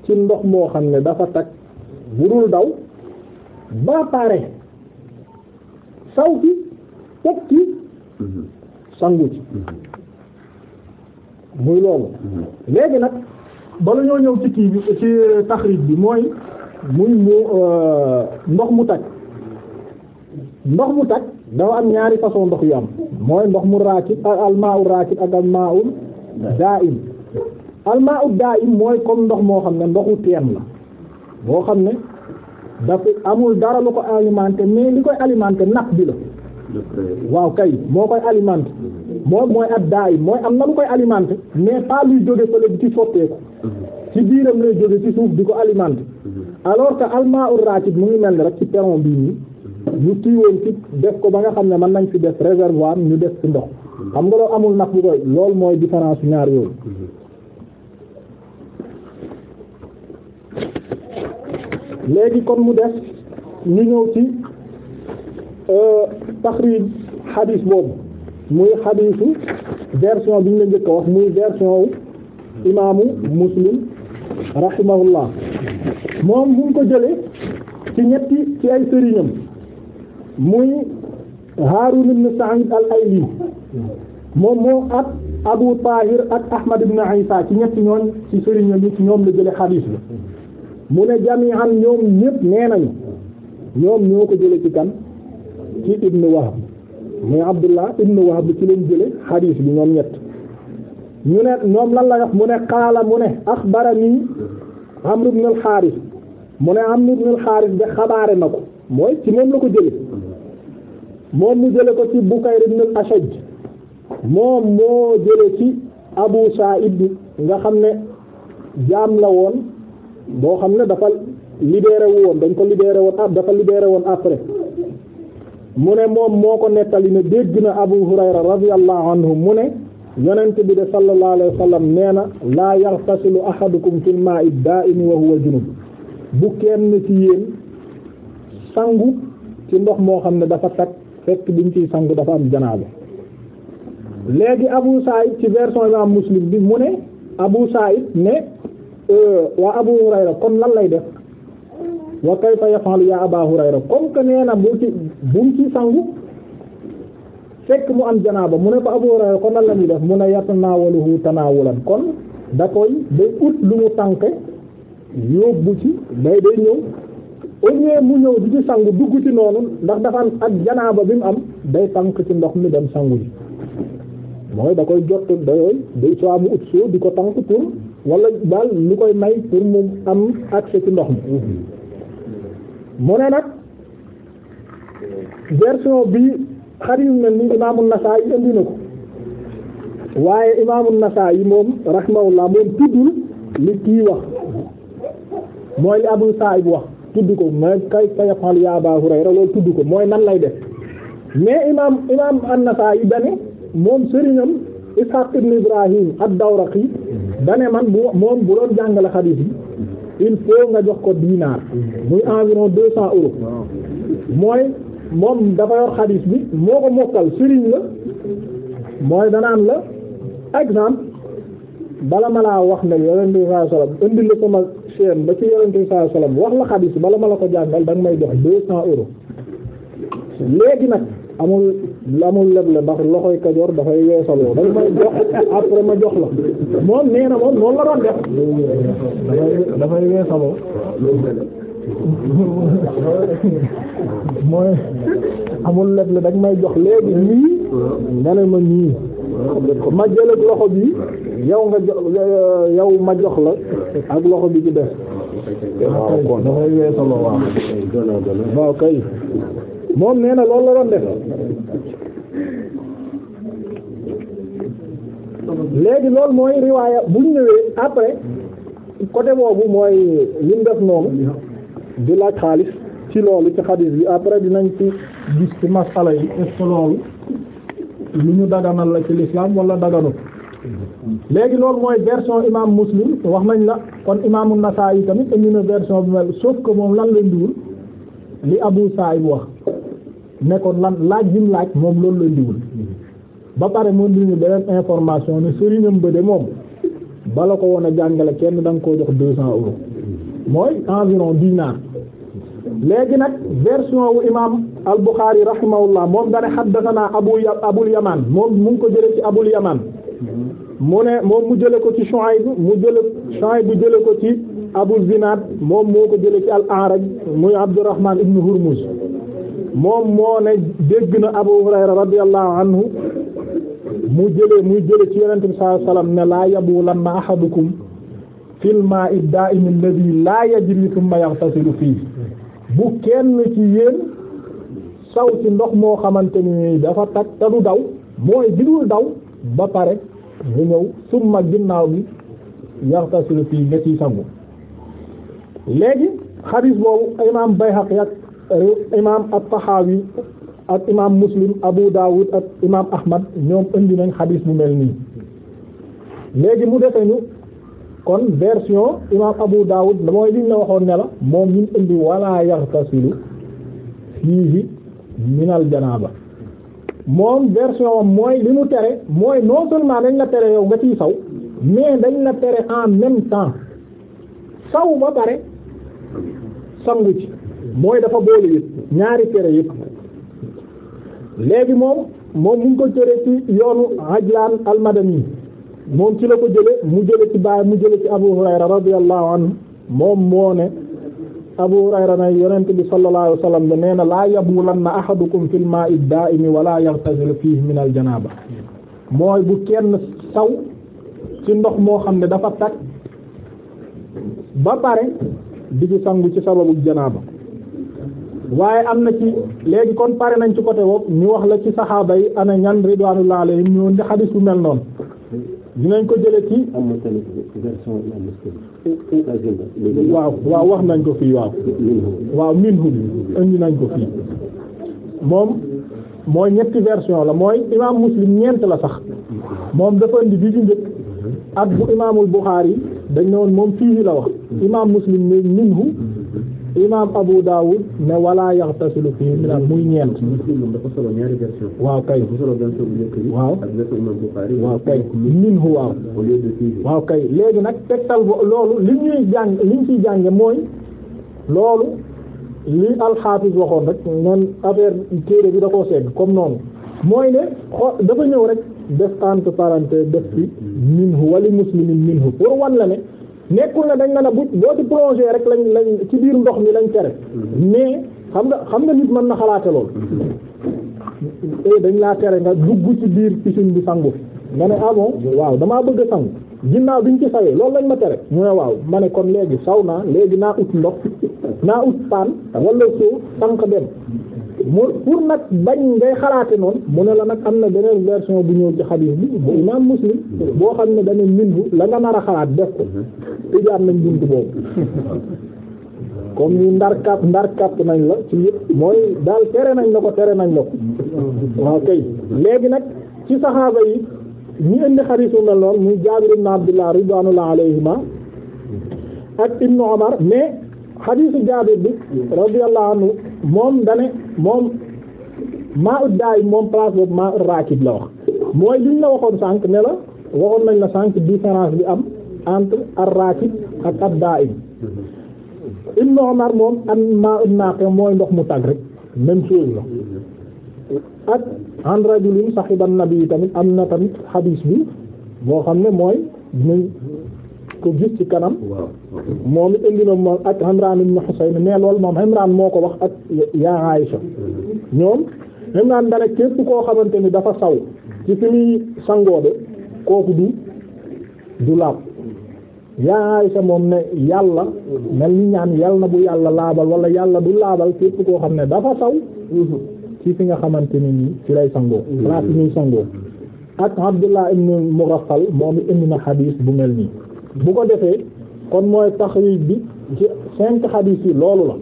Speaker 2: ci ndox moo xam ne dafa tag bu dul daw ba pare saw ci teg ci sangu ci muy loolu léegi nag bala ñoo ñëw ci kii bi ci taxrij bi mooy muy mu euh, ndox mu tag ndox mu tag dafa am ñaari façon ndox yu am mooy ndox mu raakib ak almaa'u raakib ak almaa'u daa'im almaa'u daa'im mooy comme ndox moo xam ne ndoxu teen la boo xam ne dafa amul dara lu ko alimenté mais li koy alimenté naq bi la waaw kay moo koy alimenté moom mooy ab daay mooy am na lu koy alimenté mais pas luy jóge fële bi ci sotteeku ci biiram lay jóge ci suuf di ko alimenté alors que almaa ur raacid mu ngi mel ni rek ci peron bii nii ñu tiiwoon ci def ko ba nga xam ne man nañ fi def réservoir ñu def ci ndox xam nga loolu amul nax bu koy loolu mooy différence ñaar yooyu léegi kon mu def ñu ñëw ci euh, taxrib xadiis boobu muy xadiisu version bi ñu la njëkk a wax muy version wu imaamu muslim rahimahullah moom mu ngi ko jëlee ci ñetti ci ay sëriñam muy Haarun ibn Sa'id al-Ayli moom moo ak Abu Tahir ak Ahmad ibn Isa ci ñetti ñooñ ci sëriñam yi ci ñoom la jële xadiis bi mu ne jami'an ñoom ñëpp nee nañu ñoom ñoo ko jële ci kan ci ibnu Wahb muy Abdullah ibnu Wahb ci leen jële xadiis bi ñoom ñett ñu ne ñoom lan la wax mu ne qaala mu ne axbarani Amr ibn al-Harith mu ne am ibn al-Harith xabaare na ko mooy ci moom la ko jële moom mu jële ko ci Bukayr ibn al-Ashaj moom moo jële ci Abu Sa'id nga xam ne jaam la woon boo xam ne dafa libéré woon dañ ko libéré woon ab ah, dafa libéré woon après mu ne moom moo ko nettali ne dégg na Abu Hurayra radiyallahu anhu mu ne yonent bi de sallallahu alayhi wa sallam nee na laa yartasilu ahadukum fil ma'i da'im wa huwa junub bu kenn ci yéen sangu ci ndox moo xam ne dafa tag fekk biñ ciy sangu dafa am janaaba léegi Abu Sa'id ci version Muslim bi mu ne Abu Sa'id ne waa euh, Abu Hurayra kon lan lay def wa kayfa yaf'alu yaa Aba Hurayra comme que nee na bu ci bu ci sangu fekk mu am janaaba mu ne ko Abu Hurayra kon lan la ñuy def mu ne yatanaawaluhu tanaawulan kon da koy day ut lu mu tànke yóbbu ci day day ñëw mu ñëw di ci sangu dugg ci noonu ndax dafa ak janaaba bi am day tànk ci ndox mi dem sangu ji da koy jot dayooy ut soo di ko tànk pour wala daal lu koy may pour mu am accès ndox mi mu ne nag version bi xarit mel ni imaamu Nasaa'i indi na ko waaye imaamu Nasaa'i moom rahimahullah moom tuddul li kii wax mooy li Abu Sa'id wax tudd ko mooy kay sayafal ya Aba Hurayra loolu tudd ko mooy nan lay def mais imaam imaam an-Nasaa'i dane moom sëriñam Ishaq ibn Ibrahim ad-Dawraqi dane man bu moom bu doon jàngale xadiis yi il faut nga jox ko dinaar muy environ deux cents euros mooy moom dafa yor xadiis bi moo ko mokkal sëriñ la mooy danaan la exemple bala ma laa wax na yonent bi sallallahu alayhi wasallam indi la sama chaîne ba ci yonent bi wax la xadiis bala ma la ko jàngal da may jox deux cents euros léegi nag amul amul leble ndax loxoy kajoor dafay weesaloo dañ may jox après ma jox la moom nee na moom noonu la doon def mooy amul leble dañ may jox léegi nii nga ne ma nii ma jël loxo bi yow nga jox yow ma jox la ak loxo bi ci def waaw kay moom nee na loolu la doon def léegi loolu mooy riwaaya bu ñëwee après côté boobu mooy li mu def noonu di laaj xaalis ci loolu ci xadis bi après dinañ ci gis ci masala yi est loolu lu ñu daganal la ci l'islam wala daganut léegi loolu mooy version imam muslim wax nañ la kon imaamu yi tamit indi na version bi mel sauf que moom lan la ndiwul li Abu Sa'id wax nekkoon lan laaj bi mu laaj moom loolu la ndiwul ba pare moo ndiwul beneen information ne sëriñam ba de moom bala ko woon a jàngale kenn danga ko jox deux cent euros mooy environ dinar léegi nag version wu imam al-Bukhari rahimahullah moom dane haddathana abu abul yaman moom mu ngi ko jële ci abul yaman mu ne moom mu jële ko ci Shuayb mu jële Shuayb bu jële ko ci abu zinad moom moo ko jële ci al-A'raj muy Abdurrahman ibn Hurmuz moom moo ne dégg na Abu Hurayra radiyallahu anhu mu jëlee muy jëlee ci yonente bi sallallahu alayhi wasallam ne laa yabulanna ahadukum fil maa'i daa'im alladhi laa yajri thumma yaghtasilu fiihi bu kenn ci yéen saw ci ndox moo xamante ni dafa tag te du daw mooy jidul daw ba pare mu ñëw summa ginnaaw bi yaghtasilu fiihi nga ciy sangu léegi xadiis boobu imaam Bayhaqi imaam at-Tahawi ak imaam Muslim Abu Dawud ak imaam Ahmad ñoom indi nañ xadis bu mel nii léegi mu defe ñu kon version imaam Abu Dawud mooy liñ la waxoon ne la moom ñu indi wala yaxtasilu fiihi minal janaaba moom version mooy li mu tere mooy non dañ la tere yow nga ciy saw mais dañ na tere en même temps saw ba pare sangu ci mooy dafa boole yëpp ñaari tere yëpp léegi moom moom mu ko jëlee ci yoonu Ajlaan al-Madani moom ci la ko jële mu jële ci baay mu jële ci Abu Hurayra radiyallahu anhu moom moo ne Abu Hurayra ne yonent bi sallallahu wa sallam ne nee na laa yabulanna ahadukum fil maa'i daa'imi wala yaghtasil fihi min al janaaba mooy bu kenn saw ci ndox moo xam ne dafa tag ba pare di ci sangu ci sababu janaaba waaye am na ci léegi kon pare nañ ci côté boobu ñu wax la ci saxaaba yi ana ñan ridwanullahi alayhim ñoo ndi xadis bu mel noonu dinañ ko jële ci waaw waaw wax nañ ko fii waaw waaw minhum indi nañ ko fii moom mooy ñetti version la mooy imam muslim ñeent la sax moom dafa indi bi ju njëkk ak bu imaamul buxaari dañ ne woon moom fii la wax imam muslim ne minhu imaam Abu Dawud ne wala yaxtasilu fii minal muy ñeent. dafa solo ñaari version. waaw kay dafa solo version bu njëkk bi. waaw ak version kay léegi nag teg bo loolu li ñuy jàng li ñu ciy jànge mooy loolu li alxaafis waxoon rek noonu affaire téere bi da koo segg comme noonu mooy ne xo dafa ñëw rek def entre parenthèse def fi minhu wali muslimin minhu pour wan la ne. nekkul na dañ na ne bu boo ci plongé rek lañ lañ ci biir ndox mi lañ tere mais xam nga xam nga nit man na xalaate loolu eh dañ laa tere nga dugg ci biir piscine bi sangu fi nga ne ah waaw damaa bëgg a sangu ginnaaw bi ñu ci sawee loolu lañ ma tere mu ne waaw ma ne kon léegi saw naa léegi naa ut ndox naa ut paan wala soo sànq dem mooy pour nag bañ ngay xalaate noonu mu ne la nag am na beneen version bu ñëw ci xadiis bi bu imaam muslim boo xam ne dana mindu la nga nar a xalaat def ko tëjaat nañ buntu boobu comme ñu ndar kàpp ndar kàpp nañ la ci yëpp mooy daal tere nañ la ko tere nañ la ko waaw kay léegi nag ci saxaaba yi ñu indi xadiis bu mel noonu muy Jaabir ibn Abdullah ridwaanullah alayhima ak ibnu Umar mais xadiisu Jaabir bi radiyallahu anhu moom dane moom maa ut daay moom place boobu maa ut raakib la wax mooy liñ la waxoon sànq ne la waxoon nañ la sànq différence bi am entre ar-raakib ak ad-daa'im Ibn Umar moom am maa ut naaqe mooy ndox mu tag rek même chose la ak an rajulin sahiban nabi tamit am na tamit xadiis bi boo xam ne mooy dinañ ko gis ci kanam moom it indi na moom ak Imran ibn Husayn mais loolu moom Imran moo ko wax ak yaa Aisha ñoom Imran dana képp koo xamante ni dafa saw ci fi sangoo de kooku du du moom ne yàlla mel ñaan yàlla na bu yàlla laabal yàlla du laabal koo xam ne dafa saw ci fi nga xamante ni nii ci lay sangoo place fi sangoo ak Abdullah ibn Mughaffal moom indi na xadiis bu mel nii bu ko defee kon mooy taxriij bi ci cinq xadiis yi loolu la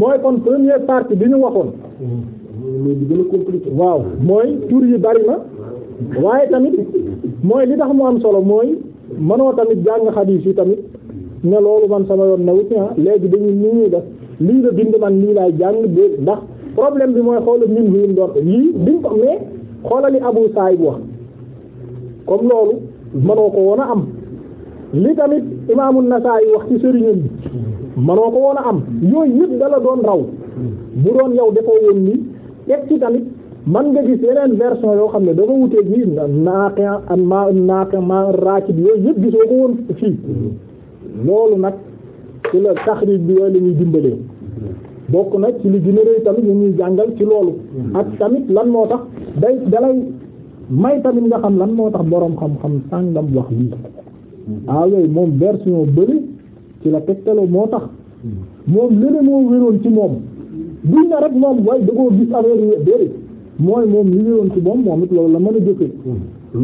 Speaker 2: mooy kon première partie bi ñu waxoon waaw mooy tur yi bari na waaye tamit mooy li tax mu am solo mooy mënoo tamit jàng xadiis yi tamit ne loolu man sama yoon nawu tia ah, léegi dañu ni ñuy def lii la bind man lii laay jàng bé ndax problème bi mooy xoola min biim doon lii diñ ko mais xoolali Abu bu wax comme loolu mënoo ko woon a am li tamit imaamu Nasaa'i wax ci sëriñam bi manoo ko woon a am yooyu yëpp dala doon raw bu doon yow defoo woon nii teg ci tamit man nga gis yeneen version yoo xam ne dafa wuteeg nii naaqi ma naaqi ma yooyu yëpp gisoo ko woon fii loolu nag ci la taxrib bi yooyu la dimbalee bokk na ci li gën tamit ñu ñuy jàngal ci loolu ak tamit lan moo tax day dalay may tamit nga xam lan moo tax boroom xam-xam sàngam wax lii awey moom version bëri ci la tegtaloo moo tax moom lene moo wéroon ci moom duñ na rek moom waaye da gis affaire yi déedéet mooy moom li wéroon ci moom moom it la mën a jëfe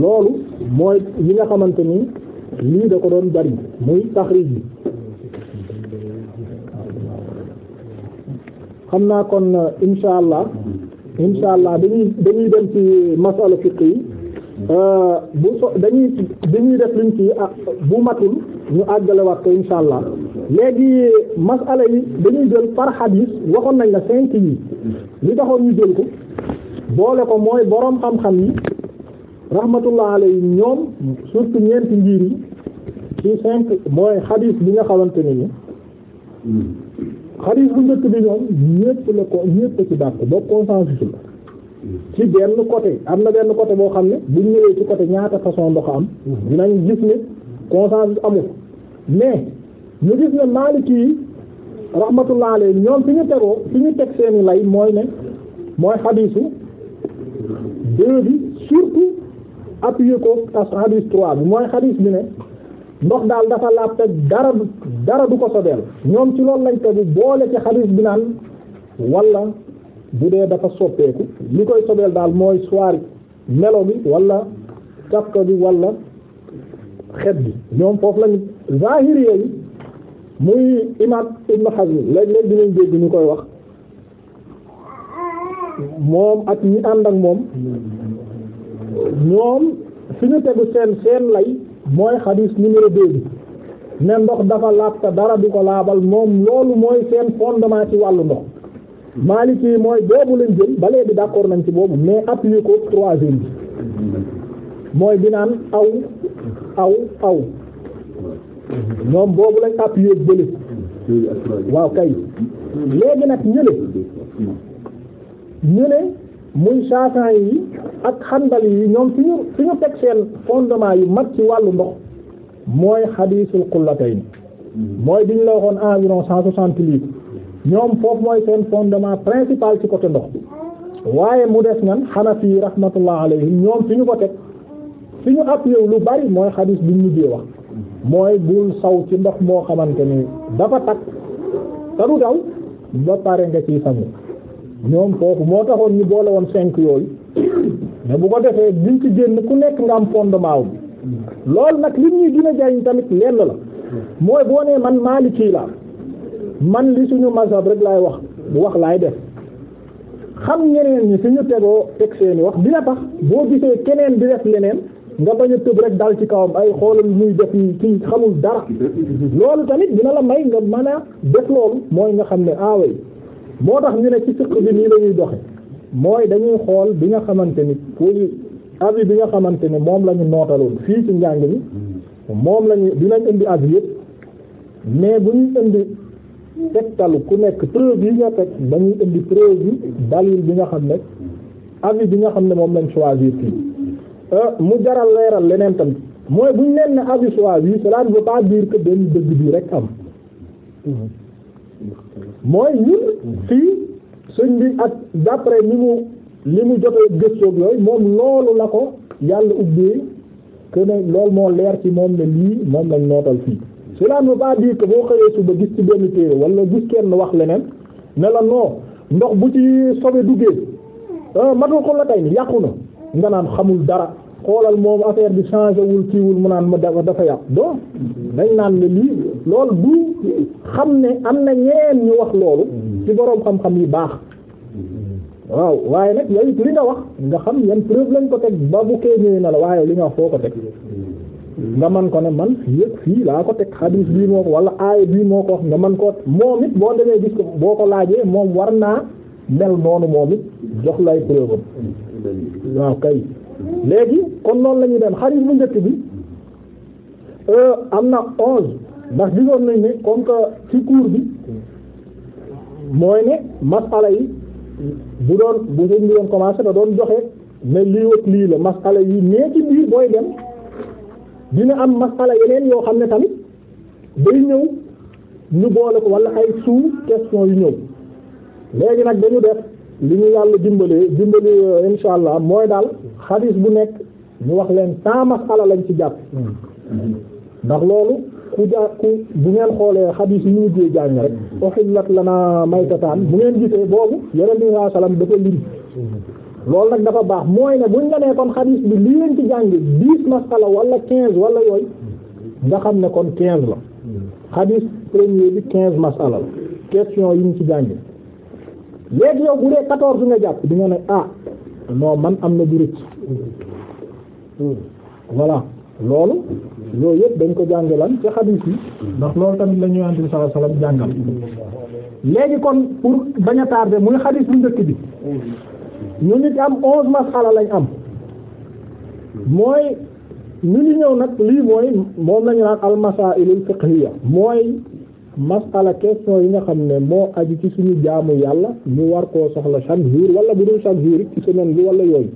Speaker 2: loolu mooy yi nga xamante ni lii da ko doon jariñ muy taxrij bi xam naa kon insha allah insha allah dañuy dañuy dem ci masala fiqh yi Euh, bu so dañuy dañuy def liñ ci ah, bu matul ñu àggalewaat ko insha allah léegi masala yi dañuy jël par hadith waxoon nañ la cinq yi li taxoon ñu jël ko boole ko mooy boroom xam-xam yi rahmatullah alayhi ñoom surtout ñeenti ngir yi ci cinq mooy hadith bi nga xamante ne ni hmm. hadith bu njëkk bi ñoom ñépp la ko ñépp ci dàq ba consensus la ci benn côté am na benn côté boo xam ne bu ñëwee ci côté ñaata façon ndox am dinañ gis ne consensus amul mais ñu gis ne Maliki yi rahmatullah alayhi ñoom fi ñu tegoo fi ñu teg seeni lay mooy ne mooy xadiisu deux bi surtout appuyé ko tas xadiis trois bi mooy xadiis bi ne ndox daal dafa laab te dara dara du ko sobeel ñoom ci lool lañ tegu boole ci xadiis bi naan wala bu dee dafa soppeeku li koy sobeel daal mooy soir melo bi wala cafka bi wala xet bi ñoom foofu lañu zahiri yi muy imam Ibn Hazm léeg-léeg dinañ dégg ñu koy wax moom ak ñi ànd ak moom ñoom fi ñu seen seen lay mooy xadis numéro deux bi ne ndox dafa laab te dara du ko laabal moom loolu mooy seen fondement ci wàllu ndox Maliki yi mooy boobu lañ jël ba léegi d'accord nañ ci boobu mais appuyer ko troisième bi mooy bi naan aw aw aw ñoom boobu lañ appuyer jële waaw kay léegi nag ñële ñële muy saatan yi ak xandal yi ñoom fi ñu fi ñu teg seen fondement yu mag ci wàllu ndox mooy xadiisul xullatayn mooy bi ñu la waxoon environ cent soixante litres ñoom foofu mooy seen fondement principal ci côté ndox waaye mu des nan Hanafi yi rahmatullah alayhim ñoom fi ñu ko teg fi ñu appuyé lu bari mooy xadis bi ñu mujjee wax mooy bul saw ci ndox moo xamante ni dafa takk te du daw ba pare nga ciy sangu ñoom foofu moo taxoon ñu boole woon cinq yooyu mais bu ko defee duñ ci génn ku nekk nga am fondement wu loolu nag li ñuy dina jariñ tamit lenn la mooy boo nee man Maliki la man li suñu mazhab rek laay wax wax laay def xam ñeneen ñi suñu tegoo teg seeni wax dina tax boo gisee keneen di def leneen nga bañ a tëb rek dal ci kawam ay xoolal muy def ci xamul dara loolu tamit dina la may nga man a def loolu mooy nga xam ne aaway ah moo tax ñu ne ci fiqh bi nii la ñuy doxe mooy dañuy xool bi nga xamante ni kuy avis bi nga xamante ne moom lañu ñu fii ci njàng mi moom la dinañ indi avis yëpp mais bu ñu indi tegtalu ku nekk preuve yi nga teg dañuy indi preuve yi dalil bi nga xam ne avis bi nga xam ne moom lañ choisir fii euh, mu jaral leeral leneen tamit mooy bu ñu leen ne avis choisi cela ne veut pas dire que dëgg bi rek am mooy ñun fii suñ bi ak d'après ni mu li mu jotee gëstoog yooyu moom loolu la ko yàlla ubbee que ne loolu moo leer ci moom ne lii moom lañ nootal fii cela ne veut pas dire que boo xëyee suba gis ci benn téere wala gis kenn wax leneen ne la non ndox bu ci sobe duggee ah, matul ko la ni yàqu na nga naan xamul dara xoolal moom affaire bi changé wul kiiwul mu naan ma dafa yàqu donc dañ naan ne lii lool du xam ne am na ñeen ñu wax loolu ci boroom xam-xam yi baax waaw waaye nag yow it li nga wax nga xam yan preuve lañ ko teg ba bu kee ñëwee na la waaye li nga wax foo ko teg nga man ko ne man yëpp fii laa ko teg xadis bii moo ko wala aaya bii moo ko wax nga man ko moom it boo demee gis ko boo ko laajee moom war naa mel noonu moom it jox lay preuve waaw kay léegi kon noonu la dem xadis bu njëkk bi euh, am na onze ndax gisoon nañ ne comme que ci cours bi mooy ne masala yi bu doon bu ñu doon commencé da doon joxe ne lii ak lii la masala yi nee ci biir booy dem dina am masala yeneen yoo xam ne tamit day ñëw ñu boole ko wala ay sous question yu ñëw léegi nag dañu def li ñu yàlla dimbali dimbali euh, insha allah mooy daal xadis bu nekk ñu wax leen sans masala lañ ci jàpp ndax loolu ku ja ku bu ngeen xoolee xadis yi ñu mujjee jàng rek uhillat may maytataan bu ngeen gisee boobu yeneen bi sallam dafa lim loolu nag dafa baax mooy ne buñ la nee kon xadiis bi li leen ci jàng dix masala wala quinze wala yooyu nga xam ne kon quinze la xadiis premier bi quinze masala la question yi ñu ci jàng léegi yow bu dee quatorze nga jàpp di nga ne ah non man am na du voilà loolu loolu yëpp dañ ko jàng lan ci xadiis yi ndax loolu tamit la ñu Yonent bi sallallahu alayhi wasallam jàngal léegi kon pour bañ a muy xadiis bu njëkk bi ñu nit am onze masala lañu am mooy ñu ñëw nag lii mooy moom lañu naan al masailul fiqhiyya mooy masala question yi nga xam ne moo aju ci suñu jaamu yàlla ñu war koo soxla chaque jour wala bu dul chaque jour ci semaine bi wala yooyu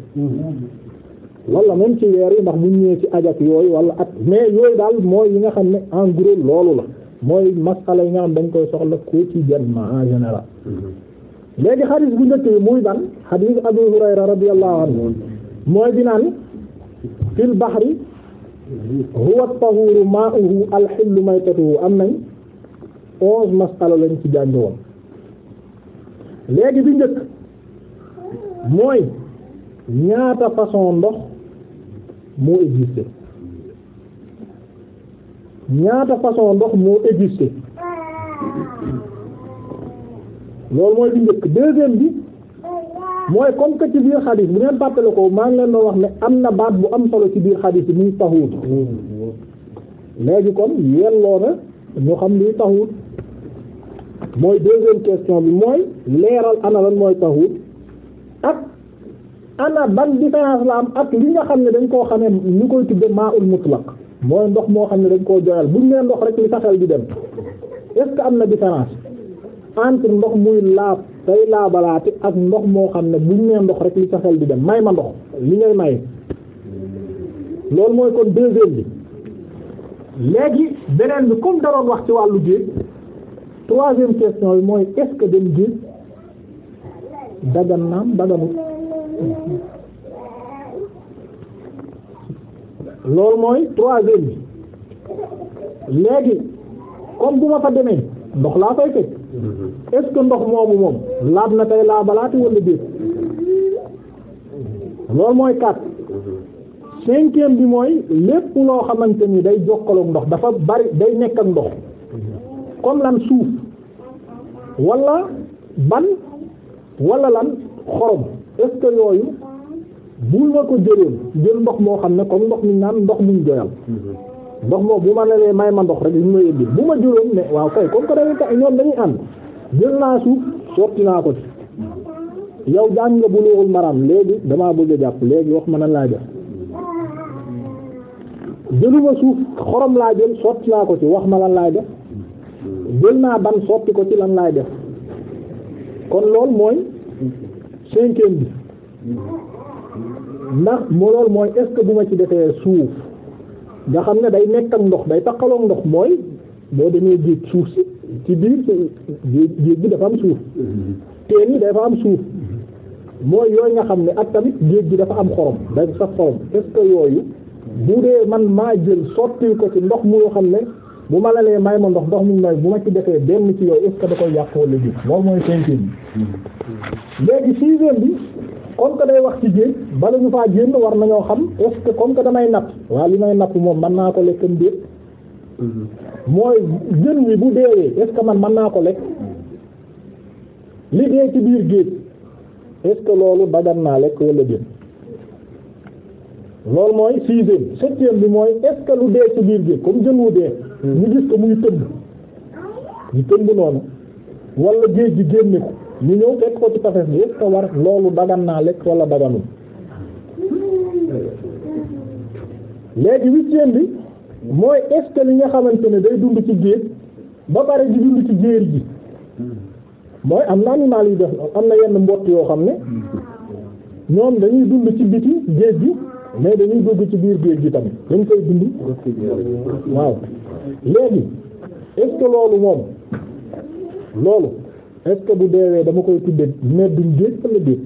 Speaker 2: wala même ci weer yi ndax bu ñëwee ci ajak yooyu wala at mais yooyu daal mooy yi nga xam ne en gros loolu la mooy masala yi nga xam dañ koy soxla quotidiennement en général léegi xadis bu njëkk bi muy ban xadis Abu Hurayra radiyallahu anhu mooy bi fil bahri huwa at-tahuru ma'uhu al am nañ onze masala lañ ci jàng woon léegi bi njëkk mooy ñaata façon ndox moo existe ñaata façon ndox moo existe loolu mooy bi njëkk deuxième bi mooy comme que ci biir xadis bu ngeen fàttale ko maa ngi leen doon wax ne am na baat bu am solo ci biir xadis bi muy taxuut léegi kon yelloo na ñu xam luy taxuut mooy deuxième question bi mooy leeral ana lan mooy taxuut ak ana ban différence la am ak li nga xam ne dañ koo xamee ñu koy tudde maa ul mutlaq mooy ndox moo xam ne dañ koo joyal bu nee ndox rek li saxel di dem est am na différence entre ndox muy laab tay laabalaate ak ndox moo xam ne buñ ndox rek li sa di dem may ma ndox li ngay maye mooy kon deuxième bi léegi beneen bi comme daroon wax ci wàllu géej troisième question bi mooy est-ce que dem géej dagan naam daganut loolu mooy troisième bi léegi comme bu ma fa ndox laa fay fekk est-ce que ndox moomu moom laab na laa laabalaati wala déet loolu mooy quatre cinquième bi mooy lépp loo xamante ni day jokkaloog ndox dafa bari day nekk ndox comme lan suuf wala ban wala lan xorom est-ce que yooyu bul nga ko jëloon jël ndox moo xam ne comme ndox mi naan ndox muñ joyal ndox moom bu ma nee may ma ndox rek li indi bu ma juróom ne waaw kay comme que dañuy tax ñoom dañuy ànd jël naa suuf sotti naa ko ci yow daan nga Bulughul Maram léegi damaa bëgg a jàpp léegi wax ma nan laa def jëluma suuf xorom laa jël sotti naa ko ci wax ma lan laay def jël naa ban sotti ko ci lan laay def kon loolu mooy cinquième bi ndax mu loolu mooy est-ce que bu ma ci defee suuf nga xam ne day nekk ndox day taxaloog ndox mooy boo demee géej suuf si ci biir géej géej bi dafa am suuf teen yi dafa am suuf mooy yooyu nga xam ne ak tamit géej gi dafa am xorom day sax xorom est-ce que yooyu bu dee man maa jël sotti ko ci ndox mu yoo xam ne bu ma la lee may ma ndox ndox mu may bu ma ci defee benn ci yooyu est-ce que da koy yàq wala ji loolu mooy cinquième léegi sixième bi comme que day wax ci géej bala ñu faa génn war nañoo xam est que comme que damay napp waaw li may napp moom man naa ko lekkam mm-hmm. déet mooy jën wi bu deewee est-ce que man mën naa ko lekk li dee ci biir géej est-ce loolu dagan naa lekk wala jën loolu mooy sixième septième bi mooy est-ce que lu dee ci biir géej comme jën wu dee mu mm-hmm. gis ko muy tëmb ñu tëmb noonu wala géej gi génne ko ñu ñëw fekk ko ci tafes bi est-ce que war loolu dagan naa lekk wala daganul léegi huitième bi mooy est-ce que li nga xamante ne day dund ci géej ba pare di dund ci géer gi mooy am na animal yu def am na yenn mbott yoo xam ne ñoom dañuy dund ci biti géej gi mais dañuy dugg ci biir géej gi tamit dañ koy dund waaw léegi est loolu moom loolu est-ce bu deewee dama koy tudde meddum géej wala déet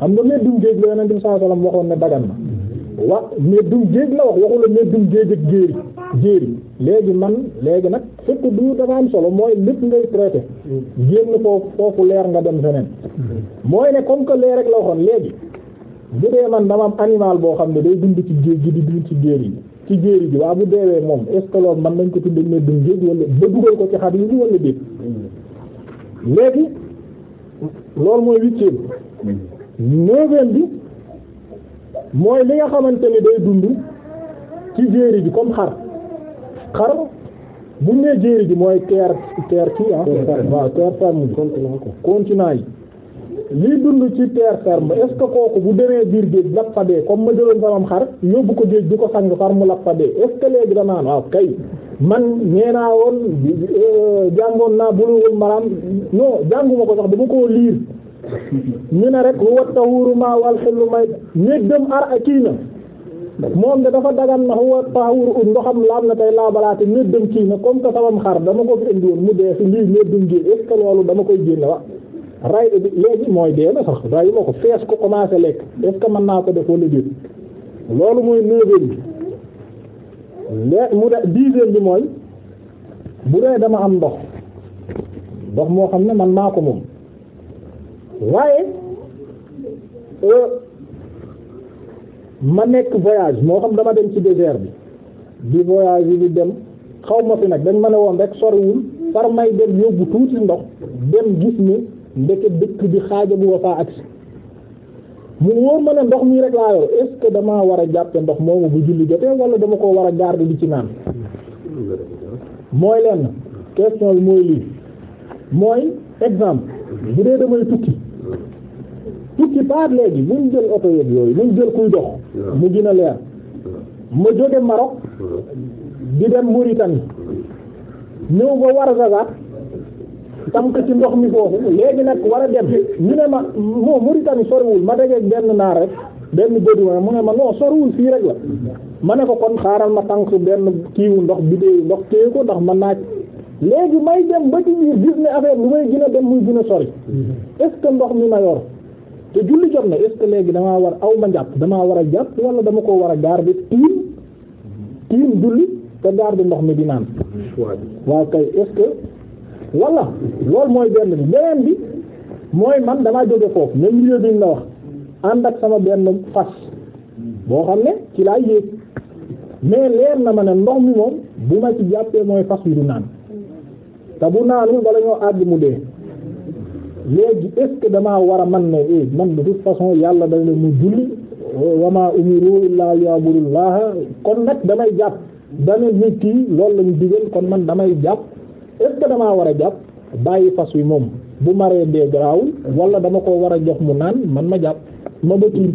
Speaker 2: xam nga meddum géej la yonent bi sallallahu waxoon ne dagan na wa meddum géej la wax waxu la meddum géej ak jéeri jéeri léegi man léegi nag fekk du dafa am solo mooy lépp ngay traité génn foofu foofu leer nga dem feneen mooy ne comme que leer rek la waxoon léegi bu dee man dama am animal boo xam ne day dund ci géej gi di dund ci jéeri yi ci jéeri ji waaw bu deewee moom est man que loolu mën nañ ko tuddee ne duñ jéeg wala ba dugal ko ci xar yi wala déet léegi loolu mooy huitième neuvième bi mooy li nga xamante ni day dund ci jéeri ji comme xar xar bu ñu nee jéeri ji mooy terre terre kii ah waaw terre ferme continent yi liy dund ci terre ferme est kooku bu demee biir géej lap fa comme ma jëloon samam xar yóbbu ko géej di ko sang xar mu lap fa dee est-ce que waaw kay man ñeenaa woon euh, jàngoon naa buluwul maram non jànguma ko sax dama koo liir ñu ne rek huwa tahuruma wal xillu may ñeeg dem ar a kii na moom de dafa dagan na huwa tahuru ut ndoxam laam na tey laabalaate ñeeg dem kii na comme que samam xar dama ko fi mu dee fi lii ñeeg dum dama koy génne ray bi léegi mooy dee na sax ray ma ko fees ko commencé lekk est ko man naa ko def wala déet loolu mooy neuvième bi léegi mu de dixième bi mooy bu dee dama am ndox ndox moo xam ne man naa ko moom waaye euh, ma nekk voyage moo xam dama dem ci désert bi di voyage yi di dem xaw ma fi nag dañ ma woon rek soriwul par may dem yóbbu tuuti ndox dem gis ni ndeke dëkk bi xaajagu ba faa agsi mu wóor ma ne ndox mi rek laa yor est damaa war a jàppe ndox moomu bu julli jotee wala dama ko war a garder li ci naan mooy lenn question bi mooy lii mooy exemple bu dee damay tukki tukki paat léegi buñ jël oto yooyu buñ jël kuy dox mu gën a leer ma jóge Maroc di dem Mauritanie ñëw ba war a tam ko ci ndox mi foofu léegi nag war a dem ñu ne ma moo Mauritanie soriwul ma dajeeg benn naar rek benn bédouin mu ne ma non soriwul fii rek la ma ne ko kon xaaral ma tànk benn kiiwu ndox bidéeyu ndox téye ko ndax man naaj léegi may dem ba ci biir gis ne affaire lu may gën a dem muy gën a sori est que ndox mi ma yor te julli jot na est léegi damaa war aw ma jàpp damaa war a jàpp wala dama ko war a garder tiim tiim julli te bi ndox mi di naan wala loolu mooy benn bi beneen bi mooy man damaa jóge foofu même milieu bi ñu la wax ànd ak sama benn fas boo xam ne ci laa yéeg mais leer na ma ne ndox mi moom bu ma ci jàppee mooy fas wi du naan te bu naanul bala ñoo àgg mu dee léegi est-ce damaa war a man ne eh man de toute façon yàlla dañ mu julli wama umiru illaa ya'budullaha kon nag damay jàpp dana nit ki loolu lañu digal kon man damay jàpp est ce damaa war a jàpp bàyyi fas wi moom bu maree dee garaawul wala dama ko war a jox mu naan man ma jàpp ma ba tiim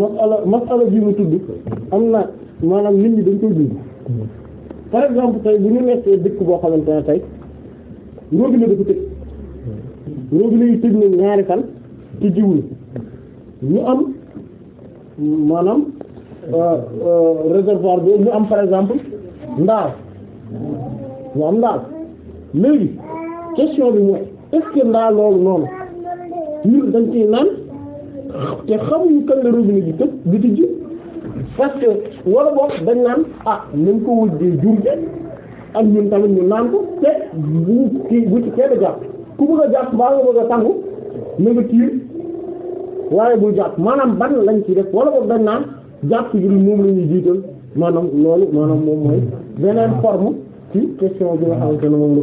Speaker 2: masala masala bi mu tudd am na maanaam nit ñi dañ koy dund par exemple tey bu ñu nekkee dëkk boo xamante ne tey robinet la dafa tëj robinet yi tëj na ñaari fan te jiwul ñu am maanaam euh, euh, réservoir bi ñu am par exemple ndaal ñu am ndaal léegi question bi mooy est-ce que loolu noonu ñun dañ ciy naan te xamuñu kan la robinet bi tëj bi tëj parce wala boog dañ naan ah nañ ko wëjjee jur gi ak ñun tamit ñu naan ko te bu ci bu ci kenn jàpp ku bëgg a jàpp baa a tàngu na tiir waaye bul jàpp maanaam ban lañ ci def wala boog dañ naan jàpp gi moom la ñuy jiital maanaam loolu maanaam moom mooy beneen forme ci question bi nga xamante ne moom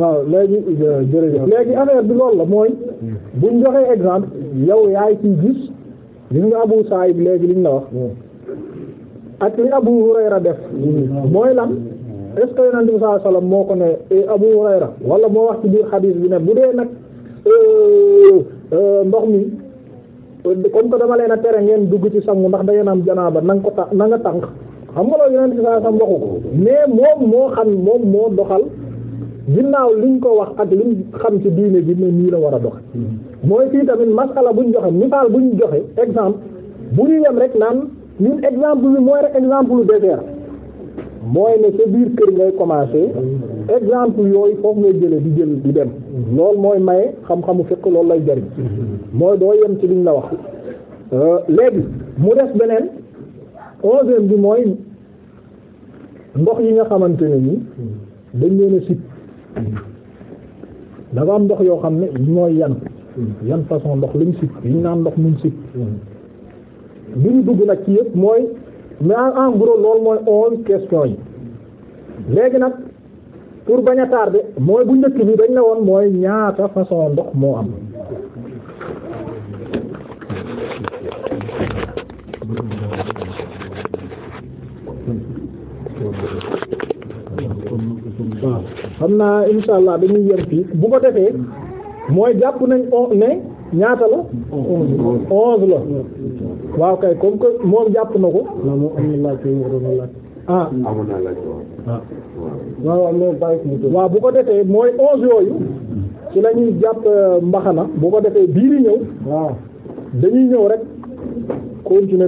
Speaker 2: waaw léegi jërëjëf léegi affaire bi loolu la mooy buñ joxee exemple yow yaay ciy gis gis nga Abu Saïd léegi liñ la wax ak li Abu Hurayra def mooy lan est-ce saa yonent bi moo ko ne eh, Abu Hurayra wala moo wax ci biir xadiis bi ne bu dee nag euh, euh, ndox mi comme que dama leen a tere ngeen dugg ci sangu ndax da ngeen am janaaba na nga ko tax na nga tànk xam nga loolu yeneen ci saa sam waxu ko mais moom moo xam moom moo doxal ginnaaw liñ ko wax ak liñ xam ci diine bi ne nii la war a dox mooy fii tamit masala buñ joxe misaal buñ joxe exemple bu ñu yem rek naan nu exemple bi mooy rek exemple lu désert mooy ne sa biir kër ngay commencer exemple yooyu foofu ngay jële di jël di dem loolu mooy maye xam-xamu fekk loolu lay jariñ mooy doo yem ci liñ la wax euh, léegi mu des beneen onzième bi mooy ndox yi nga xamante ne ni dañ leen ndox yoo xam ne mooy yan yan façon ndox lañ sit yiñ naan ndox muñ sit bi ñu dugg nag ci yëpp mooy mais en gros loolu mooy onze questions yi léegi nag pour bañ a tardé mooy bu njëkk bi dañ ne woon mooy ñaata façon ndox moo am waaw xam insha allah dañuy yem fii bu ko defee mooy jàpp nañ on ne ñaata la onze la waaw kay comme que moom jàpp na ko ah amoon waa bu ko defee mooy onze yooyu ci la ñuy euh, mbaxana bu ko defee biiri ñëw waaw dañuy ñëw rek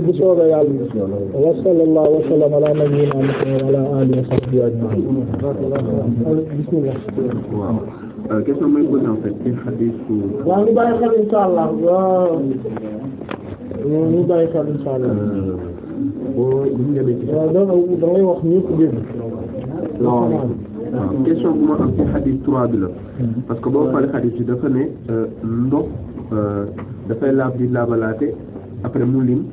Speaker 2: bu soobee yàlla wa sallallahu ala nabiyyina muhammad wa ala alihi wa sahbihi ajma'in euh, question may bëgg en fait ci xadis waaw ñu bàyyi non question bu ma am ci
Speaker 1: xadis trois bi la. parce que boo xoolee xadis bi dafa ne
Speaker 2: euh, ndox euh, dafay laab di laabalaate après mu lim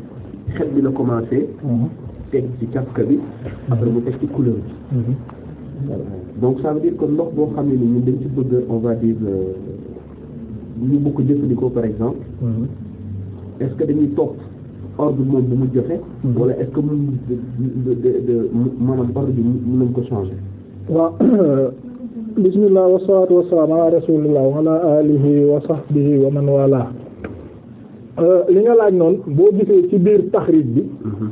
Speaker 2: xet bi la commencé. Mhm. teg ci cafka bi. après mu teg ci couleur bi. Mhm. donc ça veut ndox boo xam ne ni ñun dañ ci bëgg on va dire euh, ñu bëgg jëfandikoo par exemple. Mhm. est-ce que dañuy topp. ordre moom bu mu joxe. Mm-hmm. wala est-ce que moom de de de maanaam ordre alihi wa sahbihi wa euh, li nga laaj noonu boo gisee ci biir taxrij bi. Mm-hmm.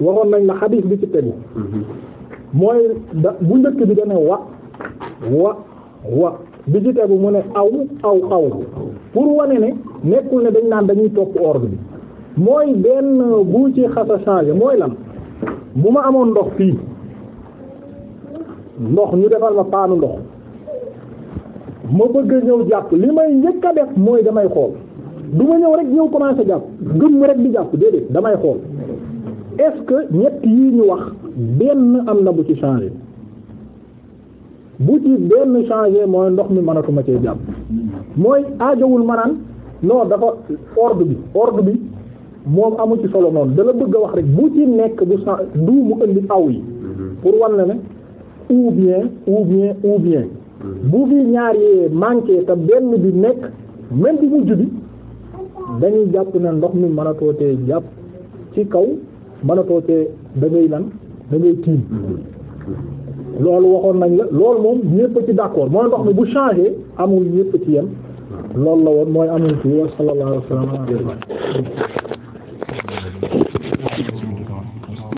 Speaker 2: waxoon nañ la xadiis bi ci tegu. Mm-hmm. mooy da bu njëkk bi dana wa wa wa bi ci tegu mu ne aw aw aw pour wane ne nekkul dañ naan dañuy topp ordre bi. mooy benn bu ci xas a changé mooy lan bu ma amoon ndox fii ndox ñu defal ma paanu ndox ma bëgg ñëw jàpp li may njëkk a def mooy damay xool du ma ñëw rek ñëw commencé jàpp gëm rek di jàpp déedéet damay xool est-ce que ñett yii ñu wax benn am na bu ci changé bu ci benn changé mooy ndox mi mënatuma cee jàpp mooy aajowul ma naan non dafa ordre bi ordre bi. moom amul ci solo noonu dala bëgg a wax rek bu ci nekk bu sa du mu indi aw yi mm-hmm. pour wan na ne ou bien ou bien ou bien mm-hmm. bu fi ñaar yee manqué te benn bi nekk même bu bi dañuy jàpp ne ndox mi mënatoo tee jàpp ci kaw mënatoo tee da ngay lan da ngay tiim mm-hmm. loolu waxoon nañ la loolu moom ñëpp ci d'accord mooy ndox mi bu changé amul ñëpp ci yem loolu la woon mooy amul ci wa sallallahu alayhi wa
Speaker 1: sallam